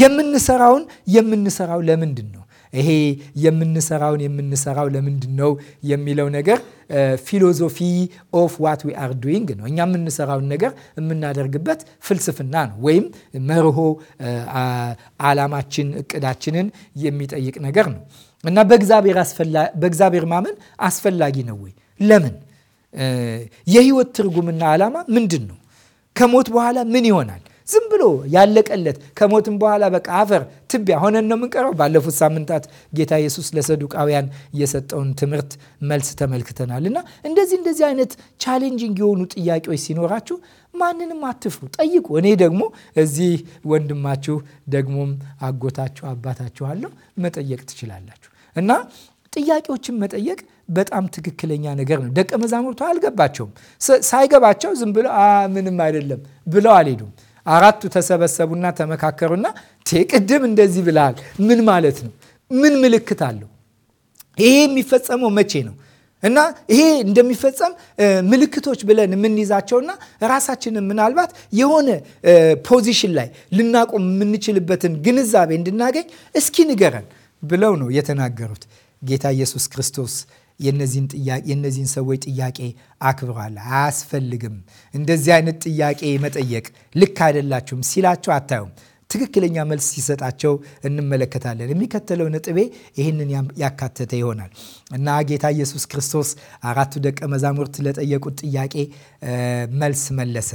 Speaker 1: የምንሰራውን የምንሰራው ለምንድን ነው? ይሄ የምንሰራውን የምንሰራው ለምንድን ነው የሚለው ነገር ፊሎዞፊ ኦፍ ዋት ዊ አር ዱይንግ ነው። እኛ የምንሰራውን ነገር የምናደርግበት ፍልስፍና ነው ወይም መርሆ አላማችን፣ እቅዳችንን የሚጠይቅ ነገር ነው እና በእግዚአብሔር ማመን አስፈላጊ ነው ወይ? ለምን? የህይወት ትርጉምና ዓላማ ምንድን ነው? ከሞት በኋላ ምን ይሆናል? ዝም ብሎ ያለቀለት ከሞትም በኋላ በቃ አፈር ትቢያ ሆነን ነው የምንቀረው። ባለፉት ሳምንታት ጌታ ኢየሱስ ለሰዱቃውያን የሰጠውን ትምህርት መልስ ተመልክተናል እና እንደዚህ እንደዚህ አይነት ቻሌንጂንግ የሆኑ ጥያቄዎች ሲኖራችሁ ማንንም አትፍሩ፣ ጠይቁ። እኔ ደግሞ እዚህ ወንድማችሁ ደግሞም አጎታችሁ አባታችሁ አለው መጠየቅ ትችላላችሁ እና ጥያቄዎችን መጠየቅ በጣም ትክክለኛ ነገር ነው። ደቀ መዛሙርቱ አልገባቸውም። ሳይገባቸው ዝም ብለው ምንም አይደለም ብለው አልሄዱም። አራቱ ተሰበሰቡና ተመካከሩና ቴ ቅድም እንደዚህ ብልሃል ምን ማለት ነው? ምን ምልክት አለው? ይሄ የሚፈጸመው መቼ ነው? እና ይሄ እንደሚፈጸም ምልክቶች ብለን የምንይዛቸውና ራሳችንን ምናልባት የሆነ ፖዚሽን ላይ ልናቆም የምንችልበትን ግንዛቤ እንድናገኝ እስኪ ንገረን ብለው ነው የተናገሩት። ጌታ ኢየሱስ ክርስቶስ የእነዚህን ሰዎች ጥያቄ አክብሯል። አያስፈልግም እንደዚህ አይነት ጥያቄ መጠየቅ ልክ አይደላችሁም ሲላቸው አታዩም። ትክክለኛ መልስ ሲሰጣቸው እንመለከታለን። የሚከተለው ነጥቤ ይህንን ያካተተ ይሆናል እና ጌታ ኢየሱስ ክርስቶስ አራቱ ደቀ መዛሙርት ለጠየቁት ጥያቄ መልስ መለሰ።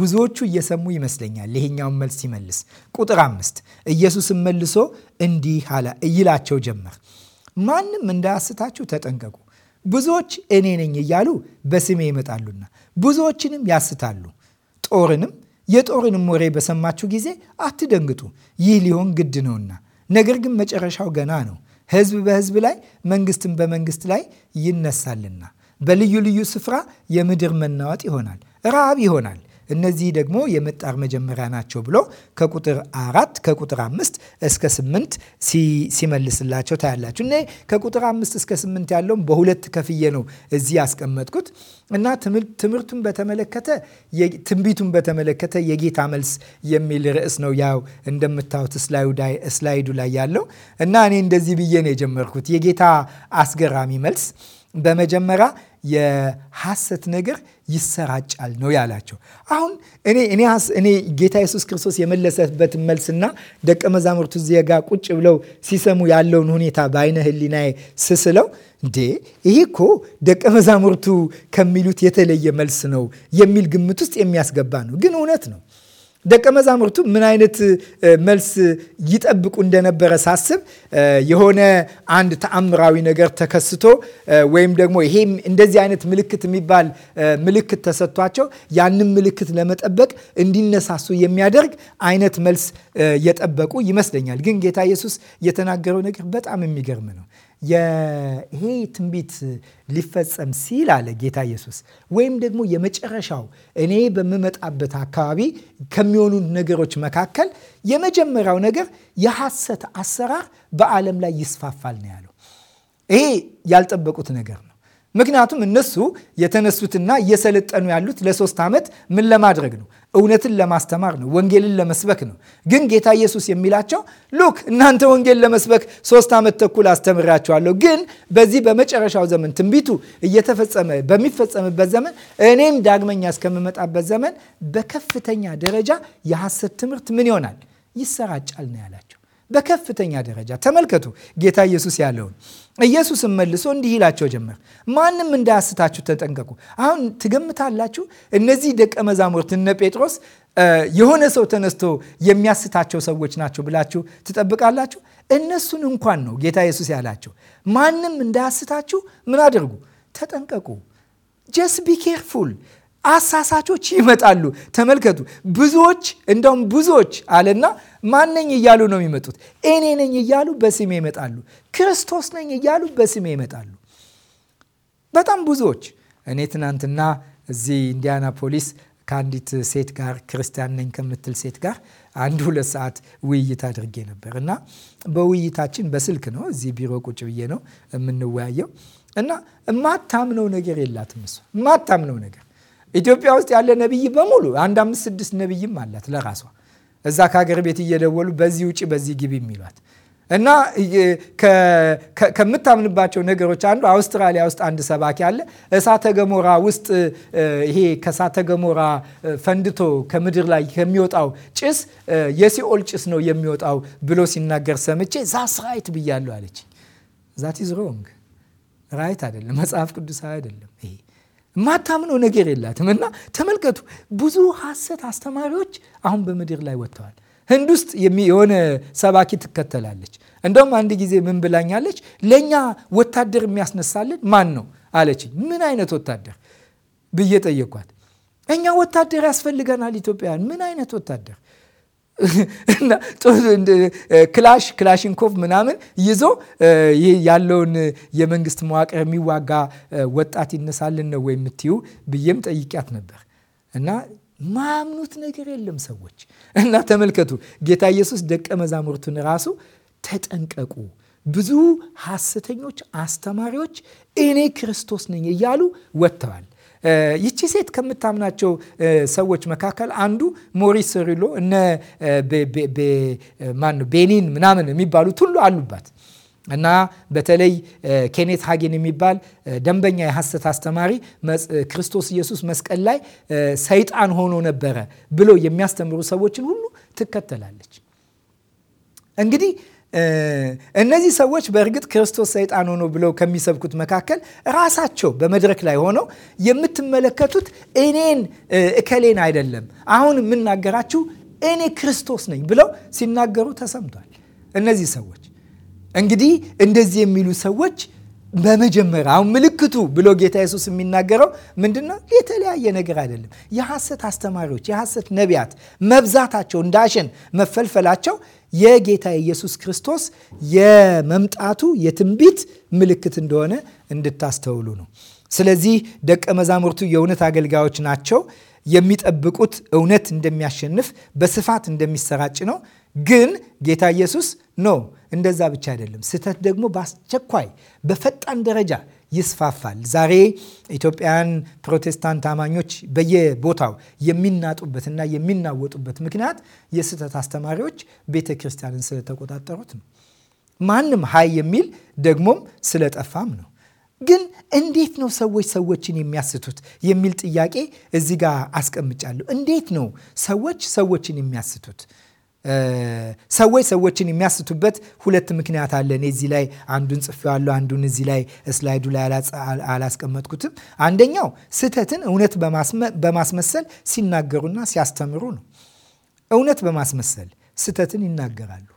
Speaker 1: ብዙዎቹ እየሰሙ ይመስለኛል ይሄኛውን መልስ ሲመልስ። ቁጥር አምስት ኢየሱስም መልሶ እንዲህ ይላቸው ጀመር ማንም እንዳያስታችሁ ተጠንቀቁ። ብዙዎች እኔ ነኝ እያሉ በስሜ ይመጣሉና ብዙዎችንም ያስታሉ። ጦርንም የጦርንም ወሬ በሰማችሁ ጊዜ አትደንግጡ፣ ይህ ሊሆን ግድ ነውና። ነገር ግን መጨረሻው ገና ነው። ሕዝብ በሕዝብ ላይ መንግስትም በመንግስት ላይ ይነሳልና በልዩ ልዩ ስፍራ የምድር መናወጥ ይሆናል፣ ረሃብ ይሆናል፣ እነዚህ ደግሞ የመጣር መጀመሪያ ናቸው ብሎ ከቁጥር አራት ከቁጥር አምስት እስከ ስምንት ሲመልስላቸው ታያላችሁ። እና ከቁጥር አምስት እስከ ስምንት ያለውም በሁለት ከፍዬ ነው እዚህ ያስቀመጥኩት እና ትምህርቱን በተመለከተ ትንቢቱን በተመለከተ የጌታ መልስ የሚል ርዕስ ነው ያው እንደምታዩት ስላይዱ ላይ ያለው እና እኔ እንደዚህ ብዬ ነው የጀመርኩት የጌታ አስገራሚ መልስ በመጀመሪያ የሐሰት ነገር ይሰራጫል ነው ያላቸው። አሁን እኔ እኔ ጌታ ኢየሱስ ክርስቶስ የመለሰበትን መልስና ደቀ መዛሙርቱ እዚህ ጋር ቁጭ ብለው ሲሰሙ ያለውን ሁኔታ በአይነ ሕሊናዬ ስስለው እንዴ ይሄ እኮ ደቀ መዛሙርቱ ከሚሉት የተለየ መልስ ነው የሚል ግምት ውስጥ የሚያስገባ ነው። ግን እውነት ነው ደቀ መዛሙርቱ ምን አይነት መልስ ይጠብቁ እንደነበረ ሳስብ የሆነ አንድ ተአምራዊ ነገር ተከስቶ ወይም ደግሞ ይሄም እንደዚህ አይነት ምልክት የሚባል ምልክት ተሰጥቷቸው ያንን ምልክት ለመጠበቅ እንዲነሳሱ የሚያደርግ አይነት መልስ የጠበቁ ይመስለኛል። ግን ጌታ ኢየሱስ የተናገረው ነገር በጣም የሚገርም ነው። ይሄ ትንቢት ሊፈጸም ሲል አለ ጌታ ኢየሱስ ወይም ደግሞ የመጨረሻው እኔ በምመጣበት አካባቢ ከሚሆኑ ነገሮች መካከል የመጀመሪያው ነገር የሐሰት አሰራር በዓለም ላይ ይስፋፋል ነው ያለው። ይሄ ያልጠበቁት ነገር ነው። ምክንያቱም እነሱ የተነሱትና እየሰለጠኑ ያሉት ለሶስት ዓመት ምን ለማድረግ ነው? እውነትን ለማስተማር ነው። ወንጌልን ለመስበክ ነው። ግን ጌታ ኢየሱስ የሚላቸው ሉክ እናንተ ወንጌል ለመስበክ ሶስት ዓመት ተኩል አስተምራቸዋለሁ፣ ግን በዚህ በመጨረሻው ዘመን ትንቢቱ እየተፈጸመ በሚፈጸምበት ዘመን እኔም ዳግመኛ እስከምመጣበት ዘመን በከፍተኛ ደረጃ የሐሰት ትምህርት ምን ይሆናል? ይሰራጫል ነው ያላቸው። በከፍተኛ ደረጃ ተመልከቱ ጌታ ኢየሱስ ያለውን ኢየሱስም መልሶ እንዲህ ይላቸው ጀመር፣ ማንም እንዳያስታችሁ ተጠንቀቁ። አሁን ትገምታላችሁ? እነዚህ ደቀ መዛሙርት እነ ጴጥሮስ የሆነ ሰው ተነስቶ የሚያስታቸው ሰዎች ናቸው ብላችሁ ትጠብቃላችሁ? እነሱን እንኳን ነው ጌታ ኢየሱስ ያላቸው፣ ማንም እንዳያስታችሁ ምን አድርጉ? ተጠንቀቁ። ጀስት ቢ ኬርፉል አሳሳቾች ይመጣሉ። ተመልከቱ፣ ብዙዎች እንደውም ብዙዎች አለና ማነኝ እያሉ ነው የሚመጡት? እኔ ነኝ እያሉ በስሜ ይመጣሉ። ክርስቶስ ነኝ እያሉ በስሜ ይመጣሉ። በጣም ብዙዎች። እኔ ትናንትና እዚህ ኢንዲያናፖሊስ ከአንዲት ሴት ጋር ክርስቲያን ነኝ ከምትል ሴት ጋር አንድ ሁለት ሰዓት ውይይት አድርጌ ነበር እና በውይይታችን በስልክ ነው እዚህ ቢሮ ቁጭ ብዬ ነው የምንወያየው እና እማታምነው ነገር የላትም እሷ እማታምነው ነገር ኢትዮጵያ ውስጥ ያለ ነቢይ በሙሉ አንድ አምስት ስድስት ነቢይም አላት ለራሷ እዛ ከሀገር ቤት እየደወሉ በዚህ ውጭ በዚህ ግቢ የሚሏት እና ከምታምንባቸው ነገሮች አንዱ አውስትራሊያ ውስጥ አንድ ሰባኪ አለ። እሳተ ገሞራ ውስጥ ይሄ ከእሳተ ገሞራ ፈንድቶ ከምድር ላይ ከሚወጣው ጭስ የሲኦል ጭስ ነው የሚወጣው ብሎ ሲናገር ሰምቼ ዛስ ራይት ብያለሁ አለች። ዛት ኢዝ ሮንግ ራይት አይደለም፣ መጽሐፍ ቅዱሳዊ አይደለም ይሄ ማታምነው ነገር የላትም። እና ተመልከቱ ብዙ ሐሰት አስተማሪዎች አሁን በምድር ላይ ወጥተዋል። ህንድ ውስጥ የሆነ ሰባኪ ትከተላለች። እንደውም አንድ ጊዜ ምን ብላኛለች፣ ለእኛ ወታደር የሚያስነሳልን ማን ነው አለችኝ። ምን አይነት ወታደር ብዬ ጠየኳት። እኛ ወታደር ያስፈልገናል ኢትዮጵያውያን። ምን አይነት ወታደር? እና ክላሽ ክላሽንኮቭ ምናምን ይዞ ያለውን የመንግስት መዋቅር የሚዋጋ ወጣት ይነሳልን ነው ወይ የምትዩ ብዬም ጠይቂያት ነበር እና ማምኑት ነገር የለም ሰዎች። እና ተመልከቱ ጌታ ኢየሱስ ደቀ መዛሙርቱን ራሱ ተጠንቀቁ፣ ብዙ ሐሰተኞች አስተማሪዎች እኔ ክርስቶስ ነኝ እያሉ ወጥተዋል። ይቺ ሴት ከምታምናቸው ሰዎች መካከል አንዱ ሞሪስ ሪሎ እነ ማነው ቤኒን ምናምን የሚባሉት ሁሉ አሉባት እና በተለይ ኬኔት ሀጌን የሚባል ደንበኛ የሐሰት አስተማሪ ክርስቶስ ኢየሱስ መስቀል ላይ ሰይጣን ሆኖ ነበረ ብሎ የሚያስተምሩ ሰዎችን ሁሉ ትከተላለች እንግዲህ እነዚህ ሰዎች በእርግጥ ክርስቶስ ሰይጣን ሆኖ ብለው ከሚሰብኩት መካከል ራሳቸው በመድረክ ላይ ሆነው የምትመለከቱት እኔን እከሌን አይደለም አሁን የምናገራችሁ እኔ ክርስቶስ ነኝ ብለው ሲናገሩ ተሰምቷል። እነዚህ ሰዎች እንግዲህ እንደዚህ የሚሉ ሰዎች በመጀመሪያ አሁን ምልክቱ ብሎ ጌታ ኢየሱስ የሚናገረው ምንድነው? የተለያየ ነገር አይደለም። የሐሰት አስተማሪዎች የሐሰት ነቢያት መብዛታቸው እንዳሸን መፈልፈላቸው የጌታ ኢየሱስ ክርስቶስ የመምጣቱ የትንቢት ምልክት እንደሆነ እንድታስተውሉ ነው። ስለዚህ ደቀ መዛሙርቱ የእውነት አገልጋዮች ናቸው። የሚጠብቁት እውነት እንደሚያሸንፍ በስፋት እንደሚሰራጭ ነው። ግን ጌታ ኢየሱስ ነው እንደዛ ብቻ አይደለም። ስህተት ደግሞ በአስቸኳይ በፈጣን ደረጃ ይስፋፋል። ዛሬ ኢትዮጵያውያን ፕሮቴስታንት አማኞች በየቦታው የሚናጡበትና የሚናወጡበት ምክንያት የስህተት አስተማሪዎች ቤተ ክርስቲያንን ስለተቆጣጠሩት ነው። ማንም ሀይ የሚል ደግሞም ስለጠፋም ነው። ግን እንዴት ነው ሰዎች ሰዎችን የሚያስቱት የሚል ጥያቄ እዚህ ጋር አስቀምጫለሁ። እንዴት ነው ሰዎች ሰዎችን የሚያስቱት? ሰዎች ሰዎችን የሚያስቱበት ሁለት ምክንያት አለ። እኔ እዚህ ላይ አንዱን ጽፌዋለሁ፣ አንዱን እዚህ ላይ ስላይዱ ላይ አላስቀመጥኩትም። አንደኛው ስህተትን እውነት በማስመሰል ሲናገሩና ሲያስተምሩ ነው። እውነት በማስመሰል ስህተትን ይናገራሉ።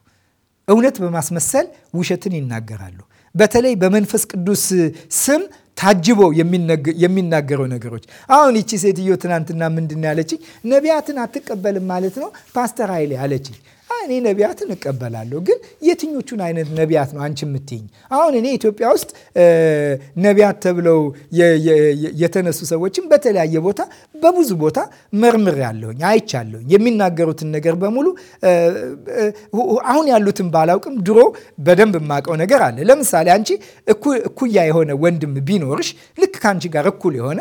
Speaker 1: እውነት በማስመሰል ውሸትን ይናገራሉ። በተለይ በመንፈስ ቅዱስ ስም ታጅቦ የሚናገረው ነገሮች። አሁን ይቺ ሴትዮ ትናንትና ምንድን ያለችኝ? ነቢያትን አትቀበልም ማለት ነው ፓስተር ኃይሌ አለችኝ። እኔ ነቢያትን እቀበላለሁ። ግን የትኞቹን አይነት ነቢያት ነው አንቺ የምትይኝ? አሁን እኔ ኢትዮጵያ ውስጥ ነቢያት ተብለው የተነሱ ሰዎችን በተለያየ ቦታ በብዙ ቦታ መርምር ያለሁኝ አይቻለሁኝ። የሚናገሩትን ነገር በሙሉ አሁን ያሉትን ባላውቅም ድሮ በደንብ የማውቀው ነገር አለ። ለምሳሌ አንቺ እኩያ የሆነ ወንድም ቢኖርሽ ከአንቺ ጋር እኩል የሆነ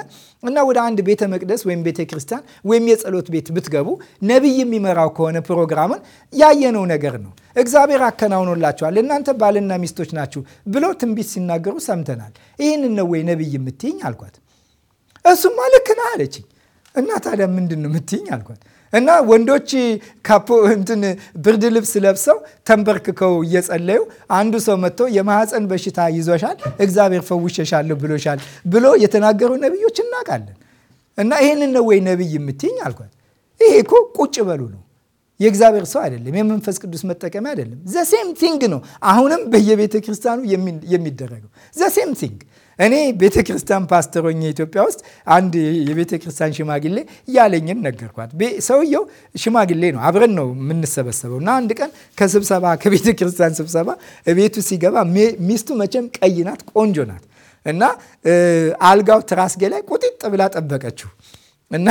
Speaker 1: እና ወደ አንድ ቤተ መቅደስ ወይም ቤተ ክርስቲያን ወይም የጸሎት ቤት ብትገቡ ነቢይ የሚመራው ከሆነ ፕሮግራምን ያየነው ነገር ነው። እግዚአብሔር አከናውኖላቸዋል እናንተ ባልና ሚስቶች ናችሁ ብለው ትንቢት ሲናገሩ ሰምተናል። ይህንን ነው ወይ ነቢይ የምትይኝ አልኳት። እሱማ ልክ ነህ አለችኝ። እና ታዲያ ምንድን ነው የምትይኝ አልኳት። እና ወንዶች ካፖ እንትን ብርድ ልብስ ለብሰው ተንበርክከው እየጸለዩ አንዱ ሰው መጥቶ የማህፀን በሽታ ይዞሻል፣ እግዚአብሔር ፈውሸሻለሁ ብሎሻል ብሎ የተናገሩ ነቢዮች እናውቃለን። እና ይህንን ነው ወይ ነቢይ የምትኝ አልኳት። ይሄ እኮ ቁጭ በሉ ነው የእግዚአብሔር ሰው አይደለም። የመንፈስ ቅዱስ መጠቀሚያ አይደለም። ዘሴም ቲንግ ነው አሁንም በየቤተ ክርስቲያኑ የሚደረገው ዘሴም ቲንግ እኔ ቤተ ክርስቲያን ፓስተሮኝ ኢትዮጵያ ውስጥ አንድ የቤተ ክርስቲያን ሽማግሌ እያለኝን ነገርኳት። ሰውየው ሽማግሌ ነው፣ አብረን ነው የምንሰበሰበው እና አንድ ቀን ከስብሰባ ከቤተ ክርስቲያን ስብሰባ ቤቱ ሲገባ ሚስቱ መቼም ቀይ ናት፣ ቆንጆ ናት እና አልጋው ትራስጌ ላይ ቁጢጥ ብላ ጠበቀችው እና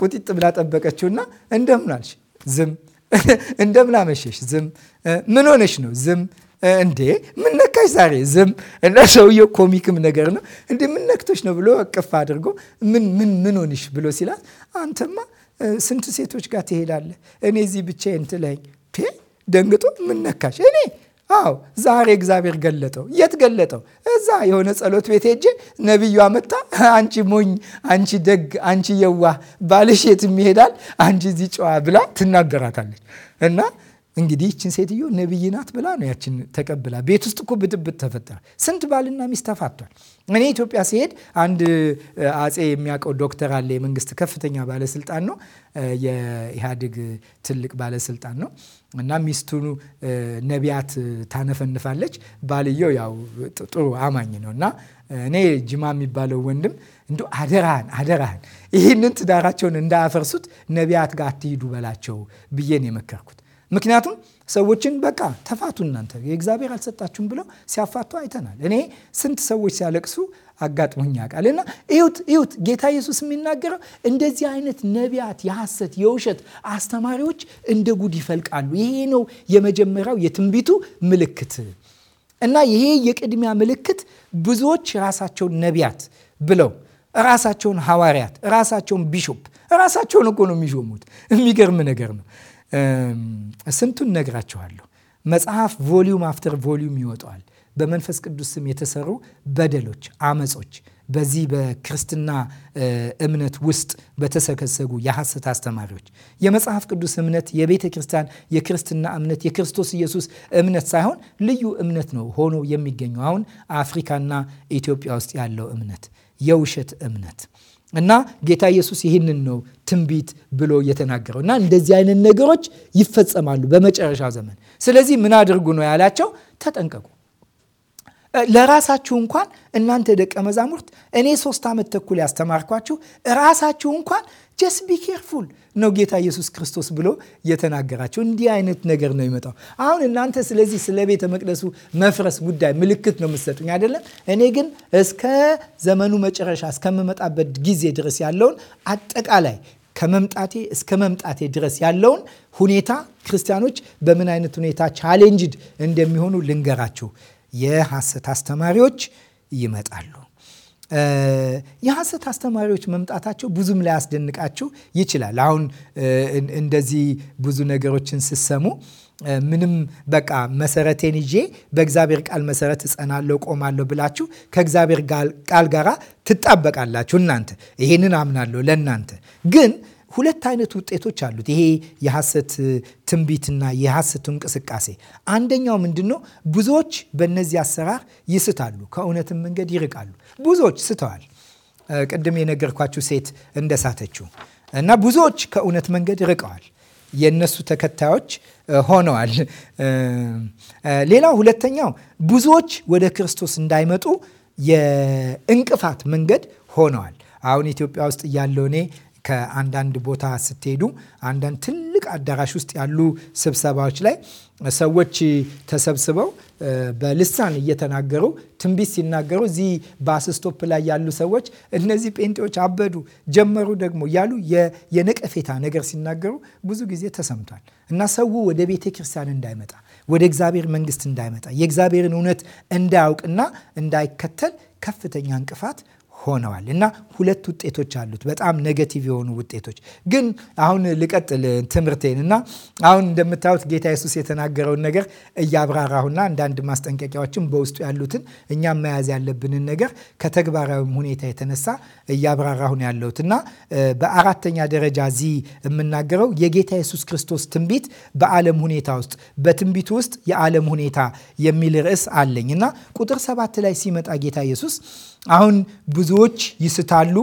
Speaker 1: ቁጢጥ ብላ ጠበቀችውና እንደምን አልሽ? ዝም እንደምን አመሸሽ? ዝም ምን ሆነሽ ነው? ዝም እንዴ ምን ነካሽ ዛሬ? ዝም እና ሰውየው ኮሚክም ነገር ነው። እንዴ ምን ነክቶች ነው ብሎ እቅፍ አድርጎ ምን ምን ምን ሆንሽ ብሎ ሲላት አንተማ ስንት ሴቶች ጋር ትሄዳለህ፣ እኔ እዚህ ብቻዬን ትለኝ። ደንግጦ ምን ነካሽ? እኔ አዎ ዛሬ እግዚአብሔር ገለጠው። የት ገለጠው? እዛ የሆነ ጸሎት ቤት ሄጄ ነቢዩ መጣ። አንቺ ሞኝ፣ አንቺ ደግ፣ አንቺ የዋህ ባልሽ የትም ይሄዳል፣ አንቺ እዚህ ጨዋ ብላ ትናገራታለች እና እንግዲህ ይችን ሴትዮ ነብይ ናት ብላ ነው ያችን ተቀብላ። ቤት ውስጥ እኮ ብጥብጥ ተፈጠረ። ስንት ባልና ሚስት ተፋቷል። እኔ ኢትዮጵያ ሲሄድ አንድ አፄ የሚያውቀው ዶክተር አለ። የመንግስት ከፍተኛ ባለስልጣን ነው። የኢህአዴግ ትልቅ ባለስልጣን ነው እና ሚስቱኑ ነቢያት ታነፈንፋለች። ባልየው ያው ጥሩ አማኝ ነው እና እኔ ጅማ የሚባለው ወንድም እንዲ አደራህን አደራህን ይህንን ትዳራቸውን እንዳያፈርሱት ነቢያት ጋር አትሂዱ በላቸው ብዬን የመከርኩት ምክንያቱም ሰዎችን በቃ ተፋቱ እናንተ የእግዚአብሔር አልሰጣችሁም ብለው ሲያፋቱ አይተናል። እኔ ስንት ሰዎች ሲያለቅሱ አጋጥሞኝ ያውቃል። እና እዩት እዩት ጌታ ኢየሱስ የሚናገረው እንደዚህ አይነት ነቢያት፣ የሐሰት የውሸት አስተማሪዎች እንደ ጉድ ይፈልቃሉ። ይሄ ነው የመጀመሪያው የትንቢቱ ምልክት እና ይሄ የቅድሚያ ምልክት ብዙዎች ራሳቸውን ነቢያት ብለው ራሳቸውን ሐዋርያት ራሳቸውን ቢሾፕ ራሳቸውን እኮ ነው የሚሾሙት። የሚገርም ነገር ነው። ስንቱን ነግራችኋለሁ። መጽሐፍ ቮሊዩም አፍተር ቮሊዩም ይወጣዋል። በመንፈስ ቅዱስ ስም የተሰሩ በደሎች፣ አመጾች በዚህ በክርስትና እምነት ውስጥ በተሰከሰጉ የሐሰት አስተማሪዎች የመጽሐፍ ቅዱስ እምነት የቤተ ክርስቲያን የክርስትና እምነት የክርስቶስ ኢየሱስ እምነት ሳይሆን ልዩ እምነት ነው ሆኖ የሚገኘው አሁን አፍሪካና ኢትዮጵያ ውስጥ ያለው እምነት የውሸት እምነት እና ጌታ ኢየሱስ ይህንን ነው ትንቢት ብሎ የተናገረው እና እንደዚህ አይነት ነገሮች ይፈጸማሉ በመጨረሻ ዘመን። ስለዚህ ምን አድርጉ ነው ያላቸው? ተጠንቀቁ። ለራሳችሁ እንኳን እናንተ ደቀ መዛሙርት እኔ ሶስት ዓመት ተኩል ያስተማርኳችሁ ራሳችሁ እንኳን ጀስ ቢ ኬርፉል ነው ጌታ ኢየሱስ ክርስቶስ ብሎ የተናገራቸው። እንዲህ አይነት ነገር ነው ይመጣው። አሁን እናንተ ስለዚህ ስለ ቤተ መቅደሱ መፍረስ ጉዳይ ምልክት ነው የምትሰጡኝ አይደለም። እኔ ግን እስከ ዘመኑ መጨረሻ እስከምመጣበት ጊዜ ድረስ ያለውን አጠቃላይ ከመምጣቴ እስከ መምጣቴ ድረስ ያለውን ሁኔታ ክርስቲያኖች በምን አይነት ሁኔታ ቻሌንጅድ እንደሚሆኑ ልንገራችሁ። የሐሰት አስተማሪዎች ይመጣሉ። የሐሰት አስተማሪዎች መምጣታቸው ብዙም ላያስደንቃችሁ ይችላል። አሁን እንደዚህ ብዙ ነገሮችን ስሰሙ ምንም በቃ መሰረቴን ይዤ በእግዚአብሔር ቃል መሰረት እጸናለሁ ቆማለሁ ብላችሁ ከእግዚአብሔር ቃል ጋራ ትጣበቃላችሁ። እናንተ ይሄንን አምናለሁ ለእናንተ ግን ሁለት አይነት ውጤቶች አሉት ይሄ የሐሰት ትንቢትና የሐሰቱ እንቅስቃሴ። አንደኛው ምንድን ነው? ብዙዎች በእነዚህ አሰራር ይስታሉ፣ ከእውነትም መንገድ ይርቃሉ። ብዙዎች ስተዋል። ቅድም የነገርኳችሁ ሴት እንደሳተችው እና ብዙዎች ከእውነት መንገድ ርቀዋል፣ የእነሱ ተከታዮች ሆነዋል። ሌላው ሁለተኛው ብዙዎች ወደ ክርስቶስ እንዳይመጡ የእንቅፋት መንገድ ሆነዋል። አሁን ኢትዮጵያ ውስጥ እያለው እኔ ከአንዳንድ ቦታ ስትሄዱ አንዳንድ ትልቅ አዳራሽ ውስጥ ያሉ ስብሰባዎች ላይ ሰዎች ተሰብስበው በልሳን እየተናገሩ ትንቢት ሲናገሩ እዚህ በአስስቶፕ ላይ ያሉ ሰዎች እነዚህ ጴንጤዎች አበዱ ጀመሩ ደግሞ ያሉ የነቀፌታ ነገር ሲናገሩ ብዙ ጊዜ ተሰምቷል እና ሰው ወደ ቤተ ክርስቲያን እንዳይመጣ ወደ እግዚአብሔር መንግስት እንዳይመጣ የእግዚአብሔርን እውነት እንዳያውቅና እንዳይከተል ከፍተኛ እንቅፋት ሆነዋል እና ሁለት ውጤቶች አሉት። በጣም ኔጌቲቭ የሆኑ ውጤቶች ግን አሁን ልቀጥል ትምህርቴን እና አሁን እንደምታዩት ጌታ የሱስ የተናገረውን ነገር እያብራራሁና አንዳንድ ማስጠንቀቂያዎችን በውስጡ ያሉትን እኛም መያዝ ያለብንን ነገር ከተግባራዊም ሁኔታ የተነሳ እያብራራሁን ያለሁት እና በአራተኛ ደረጃ እዚህ የምናገረው የጌታ የሱስ ክርስቶስ ትንቢት በዓለም ሁኔታ ውስጥ በትንቢቱ ውስጥ የዓለም ሁኔታ የሚል ርዕስ አለኝ እና ቁጥር ሰባት ላይ ሲመጣ ጌታ ኢየሱስ አሁን ብዙ ብዙዎች ይስታሉ፣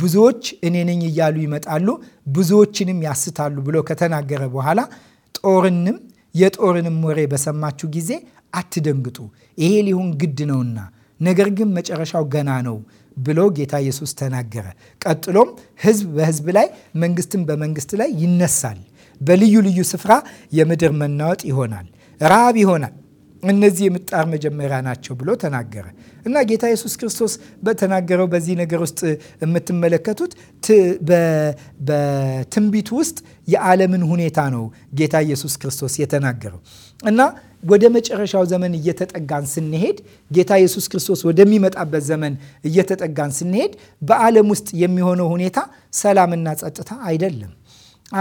Speaker 1: ብዙዎች እኔ ነኝ እያሉ ይመጣሉ፣ ብዙዎችንም ያስታሉ ብሎ ከተናገረ በኋላ ጦርንም የጦርንም ወሬ በሰማችሁ ጊዜ አትደንግጡ፣ ይሄ ሊሆን ግድ ነውና፣ ነገር ግን መጨረሻው ገና ነው ብሎ ጌታ ኢየሱስ ተናገረ። ቀጥሎም ሕዝብ በሕዝብ ላይ መንግስትም በመንግስት ላይ ይነሳል። በልዩ ልዩ ስፍራ የምድር መናወጥ ይሆናል፣ ረሃብ ይሆናል። እነዚህ የምጣር መጀመሪያ ናቸው ብሎ ተናገረ። እና ጌታ ኢየሱስ ክርስቶስ በተናገረው በዚህ ነገር ውስጥ የምትመለከቱት በትንቢት ውስጥ የዓለምን ሁኔታ ነው ጌታ ኢየሱስ ክርስቶስ የተናገረው እና ወደ መጨረሻው ዘመን እየተጠጋን ስንሄድ ጌታ ኢየሱስ ክርስቶስ ወደሚመጣበት ዘመን እየተጠጋን ስንሄድ በዓለም ውስጥ የሚሆነው ሁኔታ ሰላምና ጸጥታ አይደለም።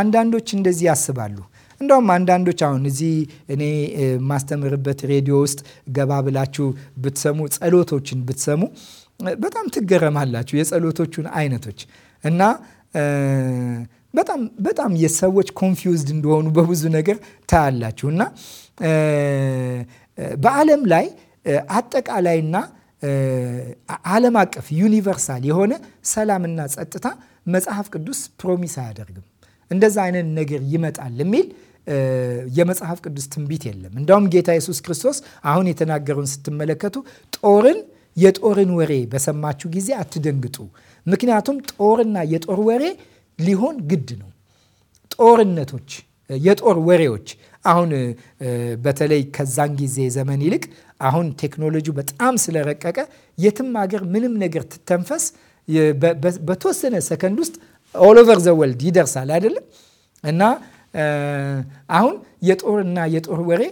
Speaker 1: አንዳንዶች እንደዚህ ያስባሉ። እንደውም አንዳንዶች አሁን እዚህ እኔ ማስተምርበት ሬዲዮ ውስጥ ገባ ብላችሁ ብትሰሙ ጸሎቶችን ብትሰሙ በጣም ትገረማላችሁ። የጸሎቶቹን አይነቶች እና በጣም በጣም የሰዎች ኮንፊውዝድ እንደሆኑ በብዙ ነገር ታያላችሁ እና በዓለም ላይ አጠቃላይና ዓለም አቀፍ ዩኒቨርሳል የሆነ ሰላምና ጸጥታ መጽሐፍ ቅዱስ ፕሮሚስ አያደርግም። እንደዛ አይነት ነገር ይመጣል የሚል የመጽሐፍ ቅዱስ ትንቢት የለም። እንዳውም ጌታ ኢየሱስ ክርስቶስ አሁን የተናገረውን ስትመለከቱ ጦርን የጦርን ወሬ በሰማችሁ ጊዜ አትደንግጡ፣ ምክንያቱም ጦርና የጦር ወሬ ሊሆን ግድ ነው። ጦርነቶች፣ የጦር ወሬዎች አሁን በተለይ ከዛን ጊዜ ዘመን ይልቅ አሁን ቴክኖሎጂ በጣም ስለረቀቀ የትም ሀገር ምንም ነገር ትተንፈስ በተወሰነ ሰከንድ ውስጥ ኦል ኦቨር ዘ ወልድ ይደርሳል አይደለም እና አሁን የጦርና የጦር ወሬ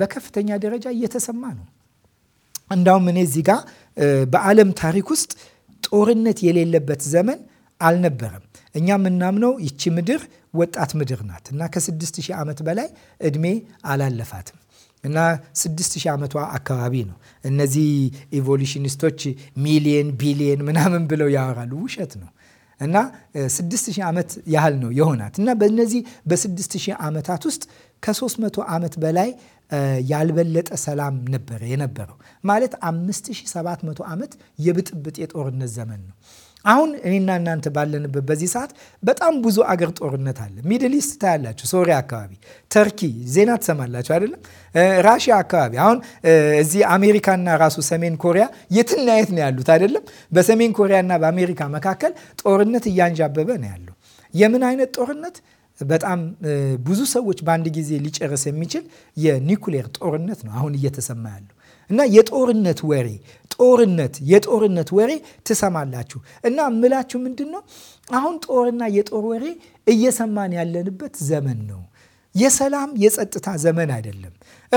Speaker 1: በከፍተኛ ደረጃ እየተሰማ ነው። እንዳውም እኔ እዚህ ጋ በዓለም ታሪክ ውስጥ ጦርነት የሌለበት ዘመን አልነበረም። እኛ የምናምነው ይቺ ምድር ወጣት ምድር ናት እና ከ ሺህ ዓመት በላይ እድሜ አላለፋትም እና ስድስት ዓመቷ አካባቢ ነው። እነዚህ ኢቮሉሽኒስቶች ሚሊየን ቢሊየን ምናምን ብለው ያወራሉ። ውሸት ነው። እና 6000 ዓመት ያህል ነው የሆናት እና በእነዚህ በ6000 ዓመታት ውስጥ ከ300 ዓመት በላይ ያልበለጠ ሰላም ነበረ የነበረው ማለት 5700 ዓመት የብጥብጥ የጦርነት ዘመን ነው። አሁን እኔና እናንተ ባለንበት በዚህ ሰዓት በጣም ብዙ አገር ጦርነት አለ። ሚድል ኢስት ታያላችሁ፣ ሶሪያ አካባቢ፣ ተርኪ ዜና ትሰማላችሁ አይደለም? ራሽያ አካባቢ አሁን እዚህ አሜሪካና ራሱ ሰሜን ኮሪያ የትና የት ነው ያሉት አይደለም? በሰሜን ኮሪያና በአሜሪካ መካከል ጦርነት እያንዣበበ ነው ያለው። የምን አይነት ጦርነት? በጣም ብዙ ሰዎች በአንድ ጊዜ ሊጨርስ የሚችል የኒኩሌር ጦርነት ነው አሁን እየተሰማ ያለው። እና የጦርነት ወሬ ጦርነት የጦርነት ወሬ ትሰማላችሁ እና ምላችሁ ምንድን ነው አሁን ጦርና የጦር ወሬ እየሰማን ያለንበት ዘመን ነው። የሰላም የጸጥታ ዘመን አይደለም።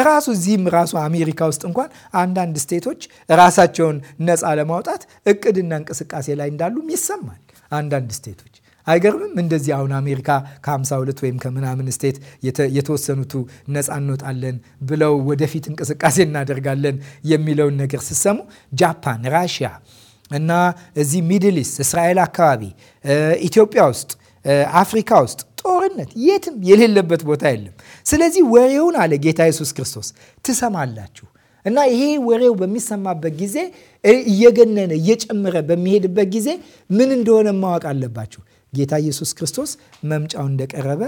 Speaker 1: ራሱ እዚህም ራሱ አሜሪካ ውስጥ እንኳን አንዳንድ ስቴቶች ራሳቸውን ነፃ ለማውጣት እቅድና እንቅስቃሴ ላይ እንዳሉም ይሰማል። አንዳንድ ስቴቶች አይገርምም? እንደዚህ አሁን አሜሪካ ከ52 ወይም ከምናምን ስቴት የተወሰኑቱ ነፃ እንወጣለን ብለው ወደፊት እንቅስቃሴ እናደርጋለን የሚለውን ነገር ስሰሙ ጃፓን፣ ራሽያ እና እዚህ ሚድል ኢስት እስራኤል አካባቢ፣ ኢትዮጵያ ውስጥ፣ አፍሪካ ውስጥ ጦርነት የትም የሌለበት ቦታ የለም። ስለዚህ ወሬውን አለ ጌታ ኢየሱስ ክርስቶስ ትሰማላችሁ እና ይሄ ወሬው በሚሰማበት ጊዜ እየገነነ እየጨመረ በሚሄድበት ጊዜ ምን እንደሆነ ማወቅ አለባችሁ። ጌታ ኢየሱስ ክርስቶስ መምጫው እንደቀረበ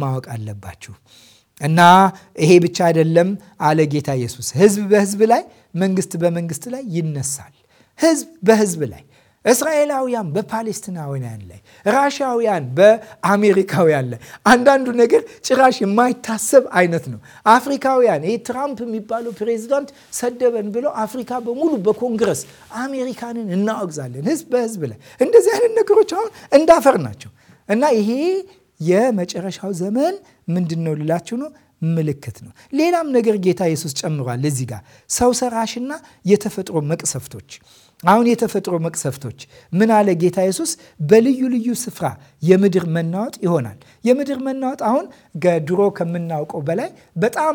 Speaker 1: ማወቅ አለባችሁ። እና ይሄ ብቻ አይደለም አለ ጌታ ኢየሱስ። ህዝብ በህዝብ ላይ መንግስት በመንግስት ላይ ይነሳል። ህዝብ በህዝብ ላይ እስራኤላውያን በፓሌስቲናውያን ላይ፣ ራሽያውያን በአሜሪካውያን ላይ አንዳንዱ ነገር ጭራሽ የማይታሰብ አይነት ነው። አፍሪካውያን ይህ ትራምፕ የሚባለው ፕሬዚዳንት ሰደበን ብለው አፍሪካ በሙሉ በኮንግረስ አሜሪካንን እናወግዛለን ህዝብ በህዝብ ላይ እንደዚህ አይነት ነገሮች አሁን እንዳፈር ናቸው እና ይሄ የመጨረሻው ዘመን ምንድን ነው ልላችሁ ነው ምልክት ነው። ሌላም ነገር ጌታ ኢየሱስ ጨምሯል እዚህ ጋር ሰው ሰራሽና የተፈጥሮ መቅሰፍቶች አሁን የተፈጥሮ መቅሰፍቶች ምን አለ ጌታ ኢየሱስ በልዩ ልዩ ስፍራ የምድር መናወጥ ይሆናል። የምድር መናወጥ አሁን ከድሮ ከምናውቀው በላይ በጣም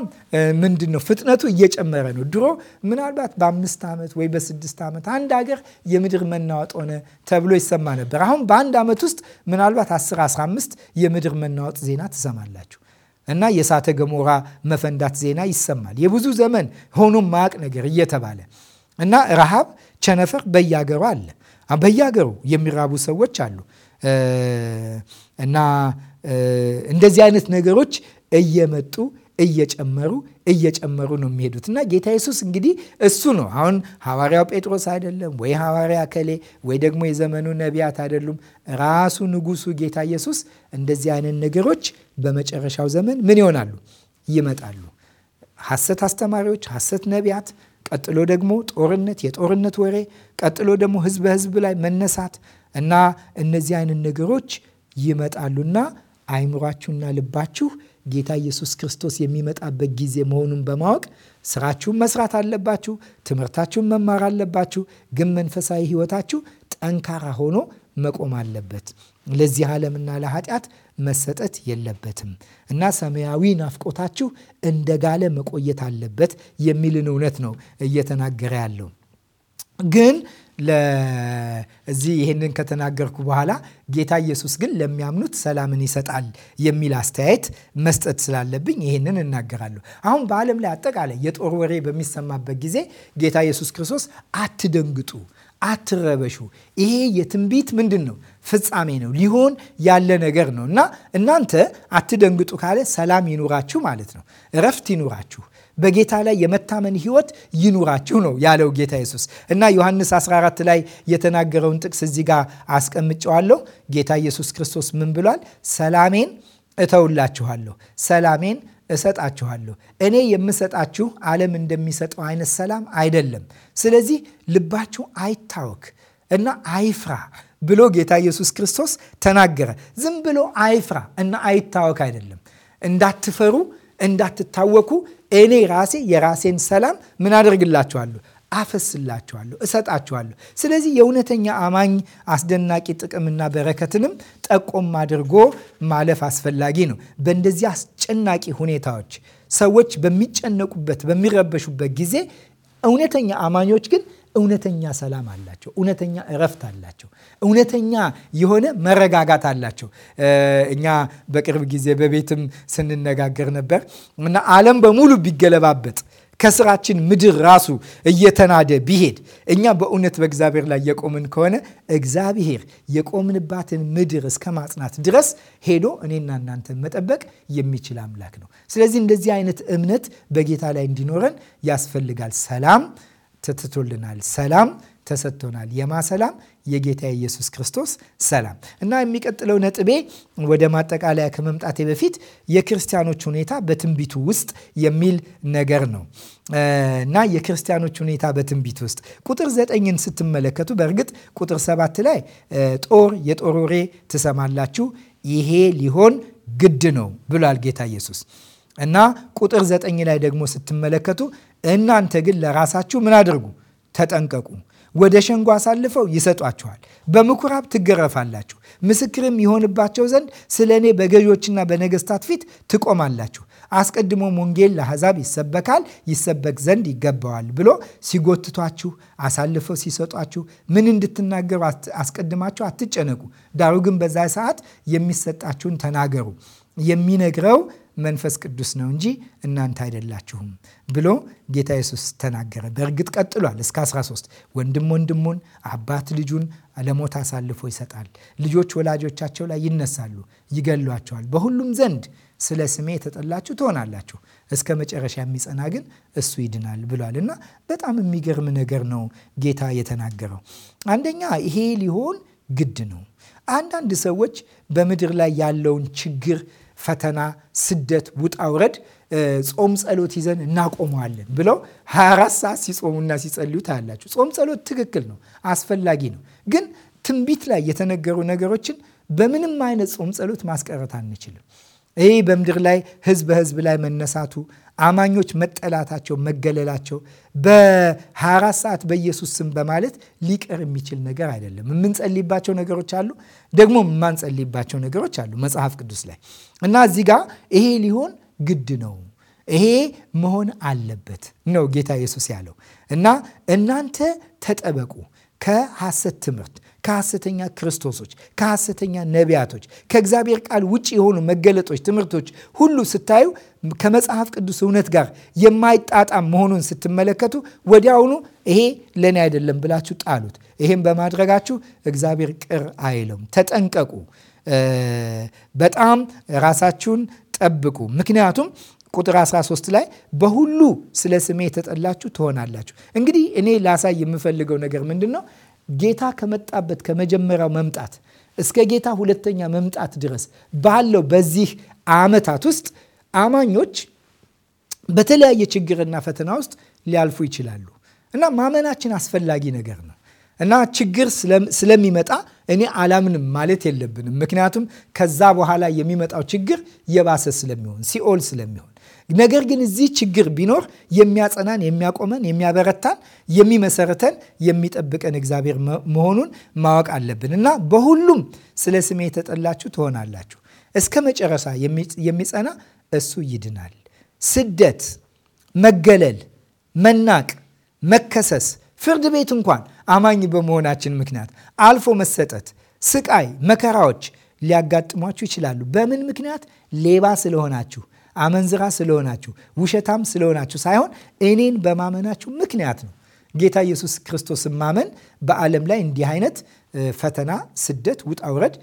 Speaker 1: ምንድን ነው ፍጥነቱ እየጨመረ ነው። ድሮ ምናልባት በአምስት ዓመት ወይ በስድስት ዓመት አንድ ሀገር የምድር መናወጥ ሆነ ተብሎ ይሰማ ነበር። አሁን በአንድ ዓመት ውስጥ ምናልባት 10 15 የምድር መናወጥ ዜና ትሰማላችሁ። እና የእሳተ ገሞራ መፈንዳት ዜና ይሰማል። የብዙ ዘመን ሆኖ ማቅ ነገር እየተባለ እና ረሃብ ቸነፈር በየአገሩ አለ። በየአገሩ የሚራቡ ሰዎች አሉ። እና እንደዚህ አይነት ነገሮች እየመጡ እየጨመሩ እየጨመሩ ነው የሚሄዱት። እና ጌታ ኢየሱስ እንግዲህ እሱ ነው አሁን ሐዋርያው ጴጥሮስ አይደለም ወይ ሐዋርያ ከሌ ወይ ደግሞ የዘመኑ ነቢያት አይደሉም። ራሱ ንጉሱ ጌታ ኢየሱስ እንደዚህ አይነት ነገሮች በመጨረሻው ዘመን ምን ይሆናሉ? ይመጣሉ። ሐሰት አስተማሪዎች፣ ሐሰት ነቢያት ቀጥሎ ደግሞ ጦርነት፣ የጦርነት ወሬ፣ ቀጥሎ ደግሞ ህዝብ በህዝብ ላይ መነሳት እና እነዚህ አይነት ነገሮች ይመጣሉና አይምሯችሁና ልባችሁ ጌታ ኢየሱስ ክርስቶስ የሚመጣበት ጊዜ መሆኑን በማወቅ ስራችሁን መስራት አለባችሁ፣ ትምህርታችሁን መማር አለባችሁ። ግን መንፈሳዊ ህይወታችሁ ጠንካራ ሆኖ መቆም አለበት። ለዚህ ዓለምና ለኃጢአት መሰጠት የለበትም እና ሰማያዊ ናፍቆታችሁ እንደጋለ መቆየት አለበት የሚልን እውነት ነው እየተናገረ ያለው ግን ለዚህ ይህንን ከተናገርኩ በኋላ ጌታ ኢየሱስ ግን ለሚያምኑት ሰላምን ይሰጣል የሚል አስተያየት መስጠት ስላለብኝ ይህንን እናገራለሁ። አሁን በዓለም ላይ አጠቃላይ የጦር ወሬ በሚሰማበት ጊዜ ጌታ ኢየሱስ ክርስቶስ አትደንግጡ፣ አትረበሹ። ይሄ የትንቢት ምንድን ነው ፍጻሜ ነው፣ ሊሆን ያለ ነገር ነው እና እናንተ አትደንግጡ ካለ ሰላም ይኑራችሁ ማለት ነው። እረፍት ይኑራችሁ በጌታ ላይ የመታመን ህይወት ይኑራችሁ ነው ያለው ጌታ ኢየሱስ እና ዮሐንስ 14 ላይ የተናገረውን ጥቅስ እዚህ ጋር አስቀምጨዋለሁ። ጌታ ኢየሱስ ክርስቶስ ምን ብሏል? ሰላሜን እተውላችኋለሁ፣ ሰላሜን እሰጣችኋለሁ። እኔ የምሰጣችሁ ዓለም እንደሚሰጠው አይነት ሰላም አይደለም። ስለዚህ ልባችሁ አይታወክ እና አይፍራ ብሎ ጌታ ኢየሱስ ክርስቶስ ተናገረ። ዝም ብሎ አይፍራ እና አይታወክ አይደለም። እንዳትፈሩ፣ እንዳትታወኩ እኔ ራሴ የራሴን ሰላም ምን አደርግላችኋለሁ አፈስላችኋለሁ፣ እሰጣችኋለሁ። ስለዚህ የእውነተኛ አማኝ አስደናቂ ጥቅምና በረከትንም ጠቆም አድርጎ ማለፍ አስፈላጊ ነው። በእንደዚህ አስጨናቂ ሁኔታዎች ሰዎች በሚጨነቁበት በሚረበሹበት ጊዜ እውነተኛ አማኞች ግን እውነተኛ ሰላም አላቸው፣ እውነተኛ እረፍት አላቸው፣ እውነተኛ የሆነ መረጋጋት አላቸው። እኛ በቅርብ ጊዜ በቤትም ስንነጋገር ነበር እና ዓለም በሙሉ ቢገለባበጥ ከስራችን ምድር ራሱ እየተናደ ቢሄድ እኛ በእውነት በእግዚአብሔር ላይ የቆምን ከሆነ እግዚአብሔር የቆምንባትን ምድር እስከ ማጽናት ድረስ ሄዶ እኔና እናንተን መጠበቅ የሚችል አምላክ ነው። ስለዚህ እንደዚህ አይነት እምነት በጌታ ላይ እንዲኖረን ያስፈልጋል። ሰላም ተትቶልናል። ሰላም ተሰጥቶናል። የማ ሰላም? የጌታ የኢየሱስ ክርስቶስ ሰላም እና የሚቀጥለው ነጥቤ ወደ ማጠቃለያ ከመምጣቴ በፊት የክርስቲያኖች ሁኔታ በትንቢቱ ውስጥ የሚል ነገር ነው እና የክርስቲያኖች ሁኔታ በትንቢት ውስጥ ቁጥር ዘጠኝን ስትመለከቱ በእርግጥ ቁጥር ሰባት ላይ ጦር የጦር ወሬ ትሰማላችሁ፣ ይሄ ሊሆን ግድ ነው ብሏል ጌታ ኢየሱስ እና ቁጥር ዘጠኝ ላይ ደግሞ ስትመለከቱ እናንተ ግን ለራሳችሁ ምን አድርጉ? ተጠንቀቁ። ወደ ሸንጎ አሳልፈው ይሰጧችኋል፣ በምኩራብ ትገረፋላችሁ፣ ምስክርም የሆንባቸው ዘንድ ስለ እኔ በገዦችና በነገስታት ፊት ትቆማላችሁ። አስቀድሞም ወንጌል ለአሕዛብ ይሰበካል፣ ይሰበክ ዘንድ ይገባዋል ብሎ ሲጎትቷችሁ፣ አሳልፈው ሲሰጧችሁ ምን እንድትናገሩ አስቀድማችሁ አትጨነቁ። ዳሩ ግን በዛ ሰዓት የሚሰጣችሁን ተናገሩ። የሚነግረው መንፈስ ቅዱስ ነው እንጂ እናንተ አይደላችሁም ብሎ ጌታ ኢየሱስ ተናገረ። በእርግጥ ቀጥሏል እስከ 13 ወንድም ወንድሙን፣ አባት ልጁን ለሞት አሳልፎ ይሰጣል። ልጆች ወላጆቻቸው ላይ ይነሳሉ፣ ይገሏቸዋል። በሁሉም ዘንድ ስለ ስሜ የተጠላችሁ ትሆናላችሁ። እስከ መጨረሻ የሚጸና ግን እሱ ይድናል ብሏል እና በጣም የሚገርም ነገር ነው ጌታ የተናገረው። አንደኛ ይሄ ሊሆን ግድ ነው። አንዳንድ ሰዎች በምድር ላይ ያለውን ችግር ፈተና፣ ስደት፣ ውጣ ውረድ ጾም ጸሎት ይዘን እናቆመዋለን ብለው 24 ሰዓት ሲጾሙና ሲጸልዩ ታያላችሁ። ጾም ጸሎት ትክክል ነው፣ አስፈላጊ ነው። ግን ትንቢት ላይ የተነገሩ ነገሮችን በምንም አይነት ጾም ጸሎት ማስቀረት አንችልም። ይህ በምድር ላይ ህዝብ በህዝብ ላይ መነሳቱ፣ አማኞች መጠላታቸው፣ መገለላቸው በ24 ሰዓት በኢየሱስ ስም በማለት ሊቀር የሚችል ነገር አይደለም። የምንጸልይባቸው ነገሮች አሉ፣ ደግሞ የማንጸልይባቸው ነገሮች አሉ መጽሐፍ ቅዱስ ላይ እና እዚህ ጋር ይሄ ሊሆን ግድ ነው ይሄ መሆን አለበት ነው ጌታ ኢየሱስ ያለው እና እናንተ ተጠበቁ ከሐሰት ትምህርት ከሐሰተኛ ክርስቶሶች፣ ከሐሰተኛ ነቢያቶች፣ ከእግዚአብሔር ቃል ውጭ የሆኑ መገለጦች፣ ትምህርቶች ሁሉ ስታዩ ከመጽሐፍ ቅዱስ እውነት ጋር የማይጣጣም መሆኑን ስትመለከቱ ወዲያውኑ ይሄ ለእኔ አይደለም ብላችሁ ጣሉት። ይሄም በማድረጋችሁ እግዚአብሔር ቅር አይለውም። ተጠንቀቁ፣ በጣም ራሳችሁን ጠብቁ። ምክንያቱም ቁጥር 13 ላይ በሁሉ ስለ ስሜ የተጠላችሁ ትሆናላችሁ። እንግዲህ እኔ ላሳይ የምፈልገው ነገር ምንድን ነው? ጌታ ከመጣበት ከመጀመሪያው መምጣት እስከ ጌታ ሁለተኛ መምጣት ድረስ ባለው በዚህ ዓመታት ውስጥ አማኞች በተለያየ ችግርና ፈተና ውስጥ ሊያልፉ ይችላሉ እና ማመናችን አስፈላጊ ነገር ነው እና ችግር ስለሚመጣ እኔ አላምንም ማለት የለብንም። ምክንያቱም ከዛ በኋላ የሚመጣው ችግር የባሰ ስለሚሆን ሲኦል ስለሚሆን ነገር ግን እዚህ ችግር ቢኖር የሚያጸናን፣ የሚያቆመን፣ የሚያበረታን፣ የሚመሰረተን፣ የሚጠብቀን እግዚአብሔር መሆኑን ማወቅ አለብን እና በሁሉም ስለ ስሜ የተጠላችሁ ትሆናላችሁ። እስከ መጨረሻ የሚጸና እሱ ይድናል። ስደት፣ መገለል፣ መናቅ፣ መከሰስ፣ ፍርድ ቤት እንኳን አማኝ በመሆናችን ምክንያት አልፎ መሰጠት፣ ስቃይ፣ መከራዎች ሊያጋጥሟችሁ ይችላሉ። በምን ምክንያት? ሌባ ስለሆናችሁ አመንዝራ ስለሆናችሁ፣ ውሸታም ስለሆናችሁ ሳይሆን እኔን በማመናችሁ ምክንያት ነው። ጌታ ኢየሱስ ክርስቶስን ማመን በዓለም ላይ እንዲህ አይነት ፈተና፣ ስደት፣ ውጣ ውረድ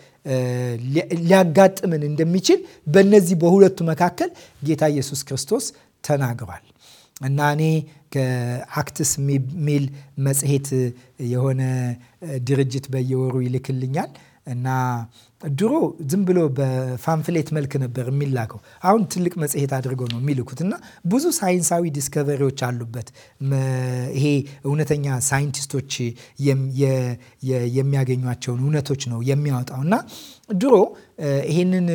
Speaker 1: ሊያጋጥምን እንደሚችል በእነዚህ በሁለቱ መካከል ጌታ ኢየሱስ ክርስቶስ ተናግሯል። እና እኔ ከአክትስ የሚል መጽሔት የሆነ ድርጅት በየወሩ ይልክልኛል እና ድሮ ዝም ብሎ በፋንፍሌት መልክ ነበር የሚላከው። አሁን ትልቅ መጽሔት አድርገው ነው የሚልኩት እና ብዙ ሳይንሳዊ ዲስከቨሪዎች አሉበት። ይሄ እውነተኛ ሳይንቲስቶች የሚያገኟቸውን እውነቶች ነው የሚያወጣው እና ድሮ ይሄንን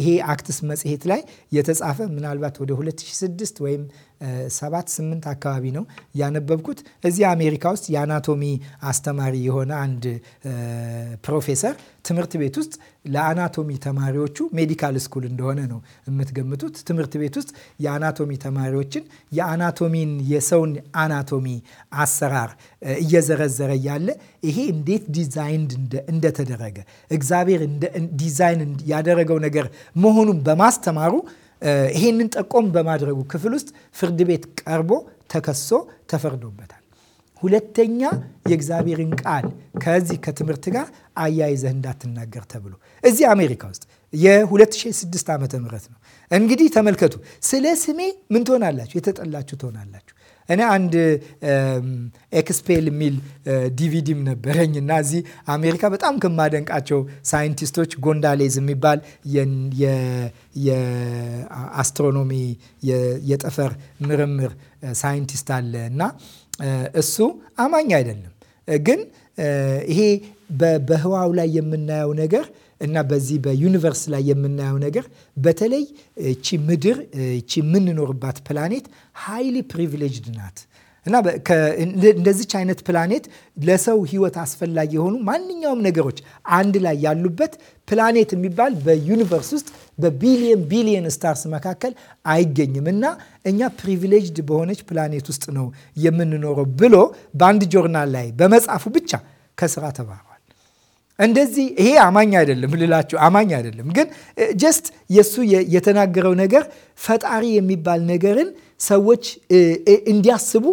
Speaker 1: ይሄ አክትስ መጽሔት ላይ የተጻፈ ምናልባት ወደ 2006 ወይም ሰባት ስምንት አካባቢ ነው ያነበብኩት። እዚህ አሜሪካ ውስጥ የአናቶሚ አስተማሪ የሆነ አንድ ፕሮፌሰር ትምህርት ቤት ውስጥ ለአናቶሚ ተማሪዎቹ ሜዲካል ስኩል እንደሆነ ነው የምትገምቱት። ትምህርት ቤት ውስጥ የአናቶሚ ተማሪዎችን የአናቶሚን የሰውን አናቶሚ አሰራር እየዘረዘረ ያለ ይሄ እንዴት ዲዛይን እንደተደረገ እግዚአብሔር ዲዛይን ያደረገው ነገር መሆኑን በማስተማሩ ይሄንን ጠቆም በማድረጉ ክፍል ውስጥ ፍርድ ቤት ቀርቦ ተከሶ ተፈርዶበታል። ሁለተኛ የእግዚአብሔርን ቃል ከዚህ ከትምህርት ጋር አያይዘህ እንዳትናገር ተብሎ እዚህ አሜሪካ ውስጥ የ2006 ዓ ም ነው። እንግዲህ ተመልከቱ። ስለ ስሜ ምን ትሆናላችሁ? የተጠላችሁ ትሆናላችሁ። እኔ አንድ ኤክስፔል የሚል ዲቪዲም ነበረኝ እና እዚህ አሜሪካ በጣም ከማደንቃቸው ሳይንቲስቶች ጎንዳሌዝ የሚባል የአስትሮኖሚ የጠፈር ምርምር ሳይንቲስት አለ እና እሱ አማኝ አይደለም ግን ይሄ በህዋው ላይ የምናየው ነገር እና በዚህ በዩኒቨርስ ላይ የምናየው ነገር በተለይ እቺ ምድር እቺ የምንኖርባት ፕላኔት ሃይሊ ፕሪቪሌጅድ ናት እና እንደዚች አይነት ፕላኔት ለሰው ህይወት አስፈላጊ የሆኑ ማንኛውም ነገሮች አንድ ላይ ያሉበት ፕላኔት የሚባል በዩኒቨርስ ውስጥ በቢሊየን ቢሊየን ስታርስ መካከል አይገኝም እና እኛ ፕሪቪሌጅድ በሆነች ፕላኔት ውስጥ ነው የምንኖረው ብሎ በአንድ ጆርናል ላይ በመጻፉ ብቻ ከስራ ተባሯል። እንደዚህ ይሄ አማኝ አይደለም ልላችሁ አማኝ አይደለም፣ ግን ጀስት የእሱ የተናገረው ነገር ፈጣሪ የሚባል ነገርን ሰዎች እንዲያስቡ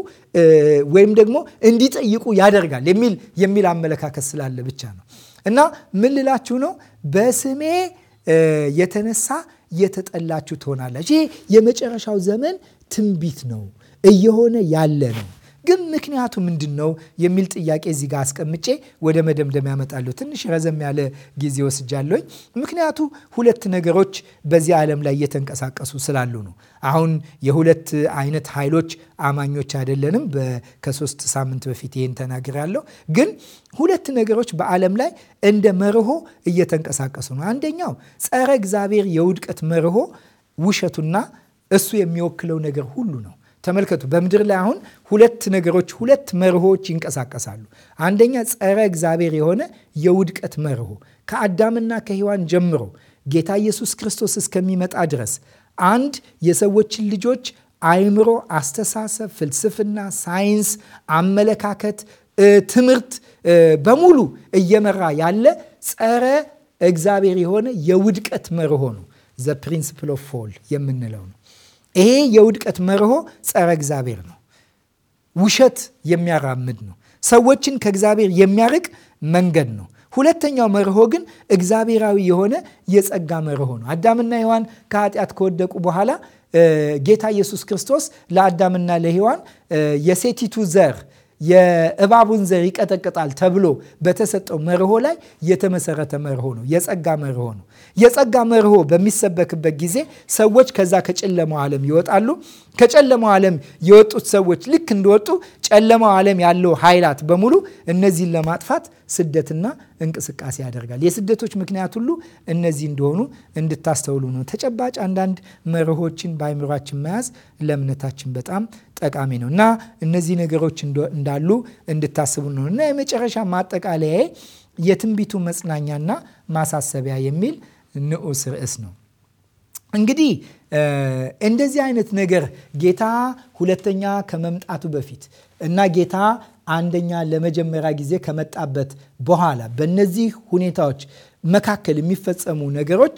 Speaker 1: ወይም ደግሞ እንዲጠይቁ ያደርጋል የሚል የሚል አመለካከት ስላለ ብቻ ነው። እና ምን ልላችሁ ነው በስሜ የተነሳ የተጠላችሁ ትሆናላችሁ። ይሄ የመጨረሻው ዘመን ትንቢት ነው፣ እየሆነ ያለ ነው። ግን ምክንያቱ ምንድን ነው የሚል ጥያቄ እዚህ ጋር አስቀምጬ ወደ መደምደም ያመጣለሁ። ትንሽ ረዘም ያለ ጊዜ ወስጃለሁኝ። ምክንያቱ ሁለት ነገሮች በዚህ ዓለም ላይ እየተንቀሳቀሱ ስላሉ ነው። አሁን የሁለት አይነት ኃይሎች አማኞች አይደለንም። ከሶስት ሳምንት በፊት ይህን ተናግራለሁ። ግን ሁለት ነገሮች በዓለም ላይ እንደ መርሆ እየተንቀሳቀሱ ነው። አንደኛው ጸረ እግዚአብሔር የውድቀት መርሆ ውሸቱና እሱ የሚወክለው ነገር ሁሉ ነው። ተመልከቱ፣ በምድር ላይ አሁን ሁለት ነገሮች ሁለት መርሆች ይንቀሳቀሳሉ። አንደኛ ጸረ እግዚአብሔር የሆነ የውድቀት መርሆ ከአዳምና ከሔዋን ጀምሮ ጌታ ኢየሱስ ክርስቶስ እስከሚመጣ ድረስ አንድ የሰዎችን ልጆች አይምሮ፣ አስተሳሰብ፣ ፍልስፍና፣ ሳይንስ፣ አመለካከት፣ ትምህርት በሙሉ እየመራ ያለ ጸረ እግዚአብሔር የሆነ የውድቀት መርሆ ነው። ዘ ፕሪንስፕል ኦፍ ፎል የምንለው ነው። ይሄ የውድቀት መርሆ ጸረ እግዚአብሔር ነው። ውሸት የሚያራምድ ነው። ሰዎችን ከእግዚአብሔር የሚያርቅ መንገድ ነው። ሁለተኛው መርሆ ግን እግዚአብሔራዊ የሆነ የጸጋ መርሆ ነው። አዳምና ሔዋን ከኃጢአት ከወደቁ በኋላ ጌታ ኢየሱስ ክርስቶስ ለአዳምና ለሔዋን የሴቲቱ ዘር የእባቡን ዘር ይቀጠቅጣል ተብሎ በተሰጠው መርሆ ላይ የተመሰረተ መርሆ ነው። የጸጋ መርሆ ነው። የጸጋ መርሆ በሚሰበክበት ጊዜ ሰዎች ከዛ ከጨለማው ዓለም ይወጣሉ። ከጨለማው ዓለም የወጡት ሰዎች ልክ እንደወጡ ጨለማው ዓለም ያለው ኃይላት በሙሉ እነዚህን ለማጥፋት ስደትና እንቅስቃሴ ያደርጋል። የስደቶች ምክንያት ሁሉ እነዚህ እንደሆኑ እንድታስተውሉ ነው። ተጨባጭ አንዳንድ መርሆችን በአይምሯችን መያዝ ለእምነታችን በጣም ጠቃሚ ነው እና እነዚህ ነገሮች እንዳሉ እንድታስቡ ነው እና የመጨረሻ ማጠቃለያ የትንቢቱ መጽናኛና ማሳሰቢያ የሚል ንዑስ ርዕስ ነው እንግዲህ እንደዚህ አይነት ነገር ጌታ ሁለተኛ ከመምጣቱ በፊት እና ጌታ አንደኛ ለመጀመሪያ ጊዜ ከመጣበት በኋላ በእነዚህ ሁኔታዎች መካከል የሚፈጸሙ ነገሮች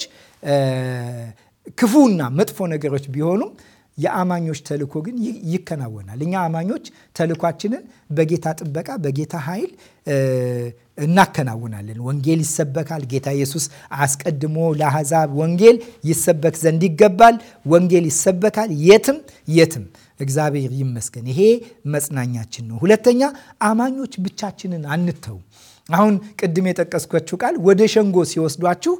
Speaker 1: ክፉና መጥፎ ነገሮች ቢሆኑም የአማኞች ተልእኮ ግን ይከናወናል። እኛ አማኞች ተልኳችንን በጌታ ጥበቃ፣ በጌታ ኃይል እናከናውናለን። ወንጌል ይሰበካል። ጌታ ኢየሱስ አስቀድሞ ለአሕዛብ ወንጌል ይሰበክ ዘንድ ይገባል። ወንጌል ይሰበካል የትም የትም። እግዚአብሔር ይመስገን። ይሄ መጽናኛችን ነው። ሁለተኛ አማኞች ብቻችንን አንተው አሁን ቅድም የጠቀስኳችሁ ቃል ወደ ሸንጎ ሲወስዷችሁ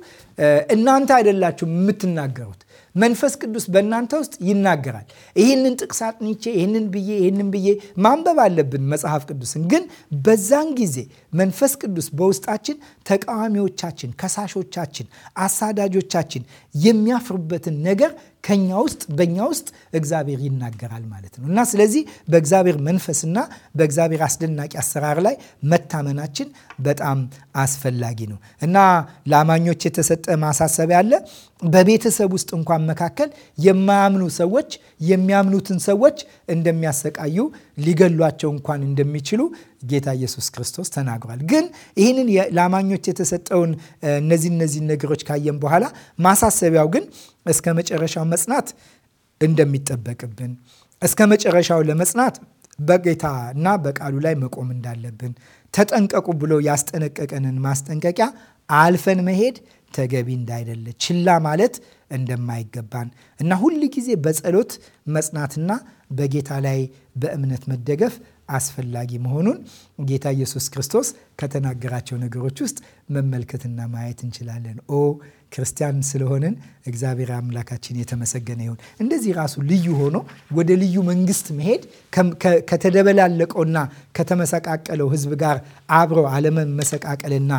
Speaker 1: እናንተ አይደላችሁ የምትናገሩት መንፈስ ቅዱስ በእናንተ ውስጥ ይናገራል። ይህንን ጥቅስ አጥንቼ ይህንን ብዬ ይህንን ብዬ ማንበብ አለብን መጽሐፍ ቅዱስን። ግን በዛን ጊዜ መንፈስ ቅዱስ በውስጣችን ተቃዋሚዎቻችን፣ ከሳሾቻችን፣ አሳዳጆቻችን የሚያፍሩበትን ነገር ከኛ ውስጥ በእኛ ውስጥ እግዚአብሔር ይናገራል ማለት ነው እና ስለዚህ በእግዚአብሔር መንፈስና በእግዚአብሔር አስደናቂ አሰራር ላይ መታመናችን በጣም አስፈላጊ ነው እና ለአማኞች የተሰጠ ማሳሰቢያ አለ። በቤተሰብ ውስጥ እንኳን መካከል የማያምኑ ሰዎች የሚያምኑትን ሰዎች እንደሚያሰቃዩ ሊገሏቸው እንኳን እንደሚችሉ ጌታ ኢየሱስ ክርስቶስ ተናግሯል። ግን ይህንን ለአማኞች የተሰጠውን እነዚህ እነዚህ ነገሮች ካየን በኋላ ማሳሰቢያው ግን እስከ መጨረሻው መጽናት እንደሚጠበቅብን እስከ መጨረሻው ለመጽናት በጌታ እና በቃሉ ላይ መቆም እንዳለብን ተጠንቀቁ ብሎ ያስጠነቀቀንን ማስጠንቀቂያ አልፈን መሄድ ተገቢ እንዳይደለ፣ ችላ ማለት እንደማይገባን እና ሁል ጊዜ በጸሎት መጽናትና በጌታ ላይ በእምነት መደገፍ አስፈላጊ መሆኑን ጌታ ኢየሱስ ክርስቶስ ከተናገራቸው ነገሮች ውስጥ መመልከትና ማየት እንችላለን። ኦ ክርስቲያን ስለሆንን እግዚአብሔር አምላካችን የተመሰገነ ይሁን። እንደዚህ ራሱ ልዩ ሆኖ ወደ ልዩ መንግስት መሄድ ከተደበላለቀውና ከተመሰቃቀለው ሕዝብ ጋር አብሮ አለመመሰቃቀልና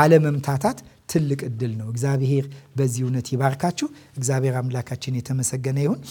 Speaker 1: አለመምታታት ትልቅ እድል ነው። እግዚአብሔር በዚህ እውነት ይባርካችሁ። እግዚአብሔር አምላካችን የተመሰገነ ይሁን።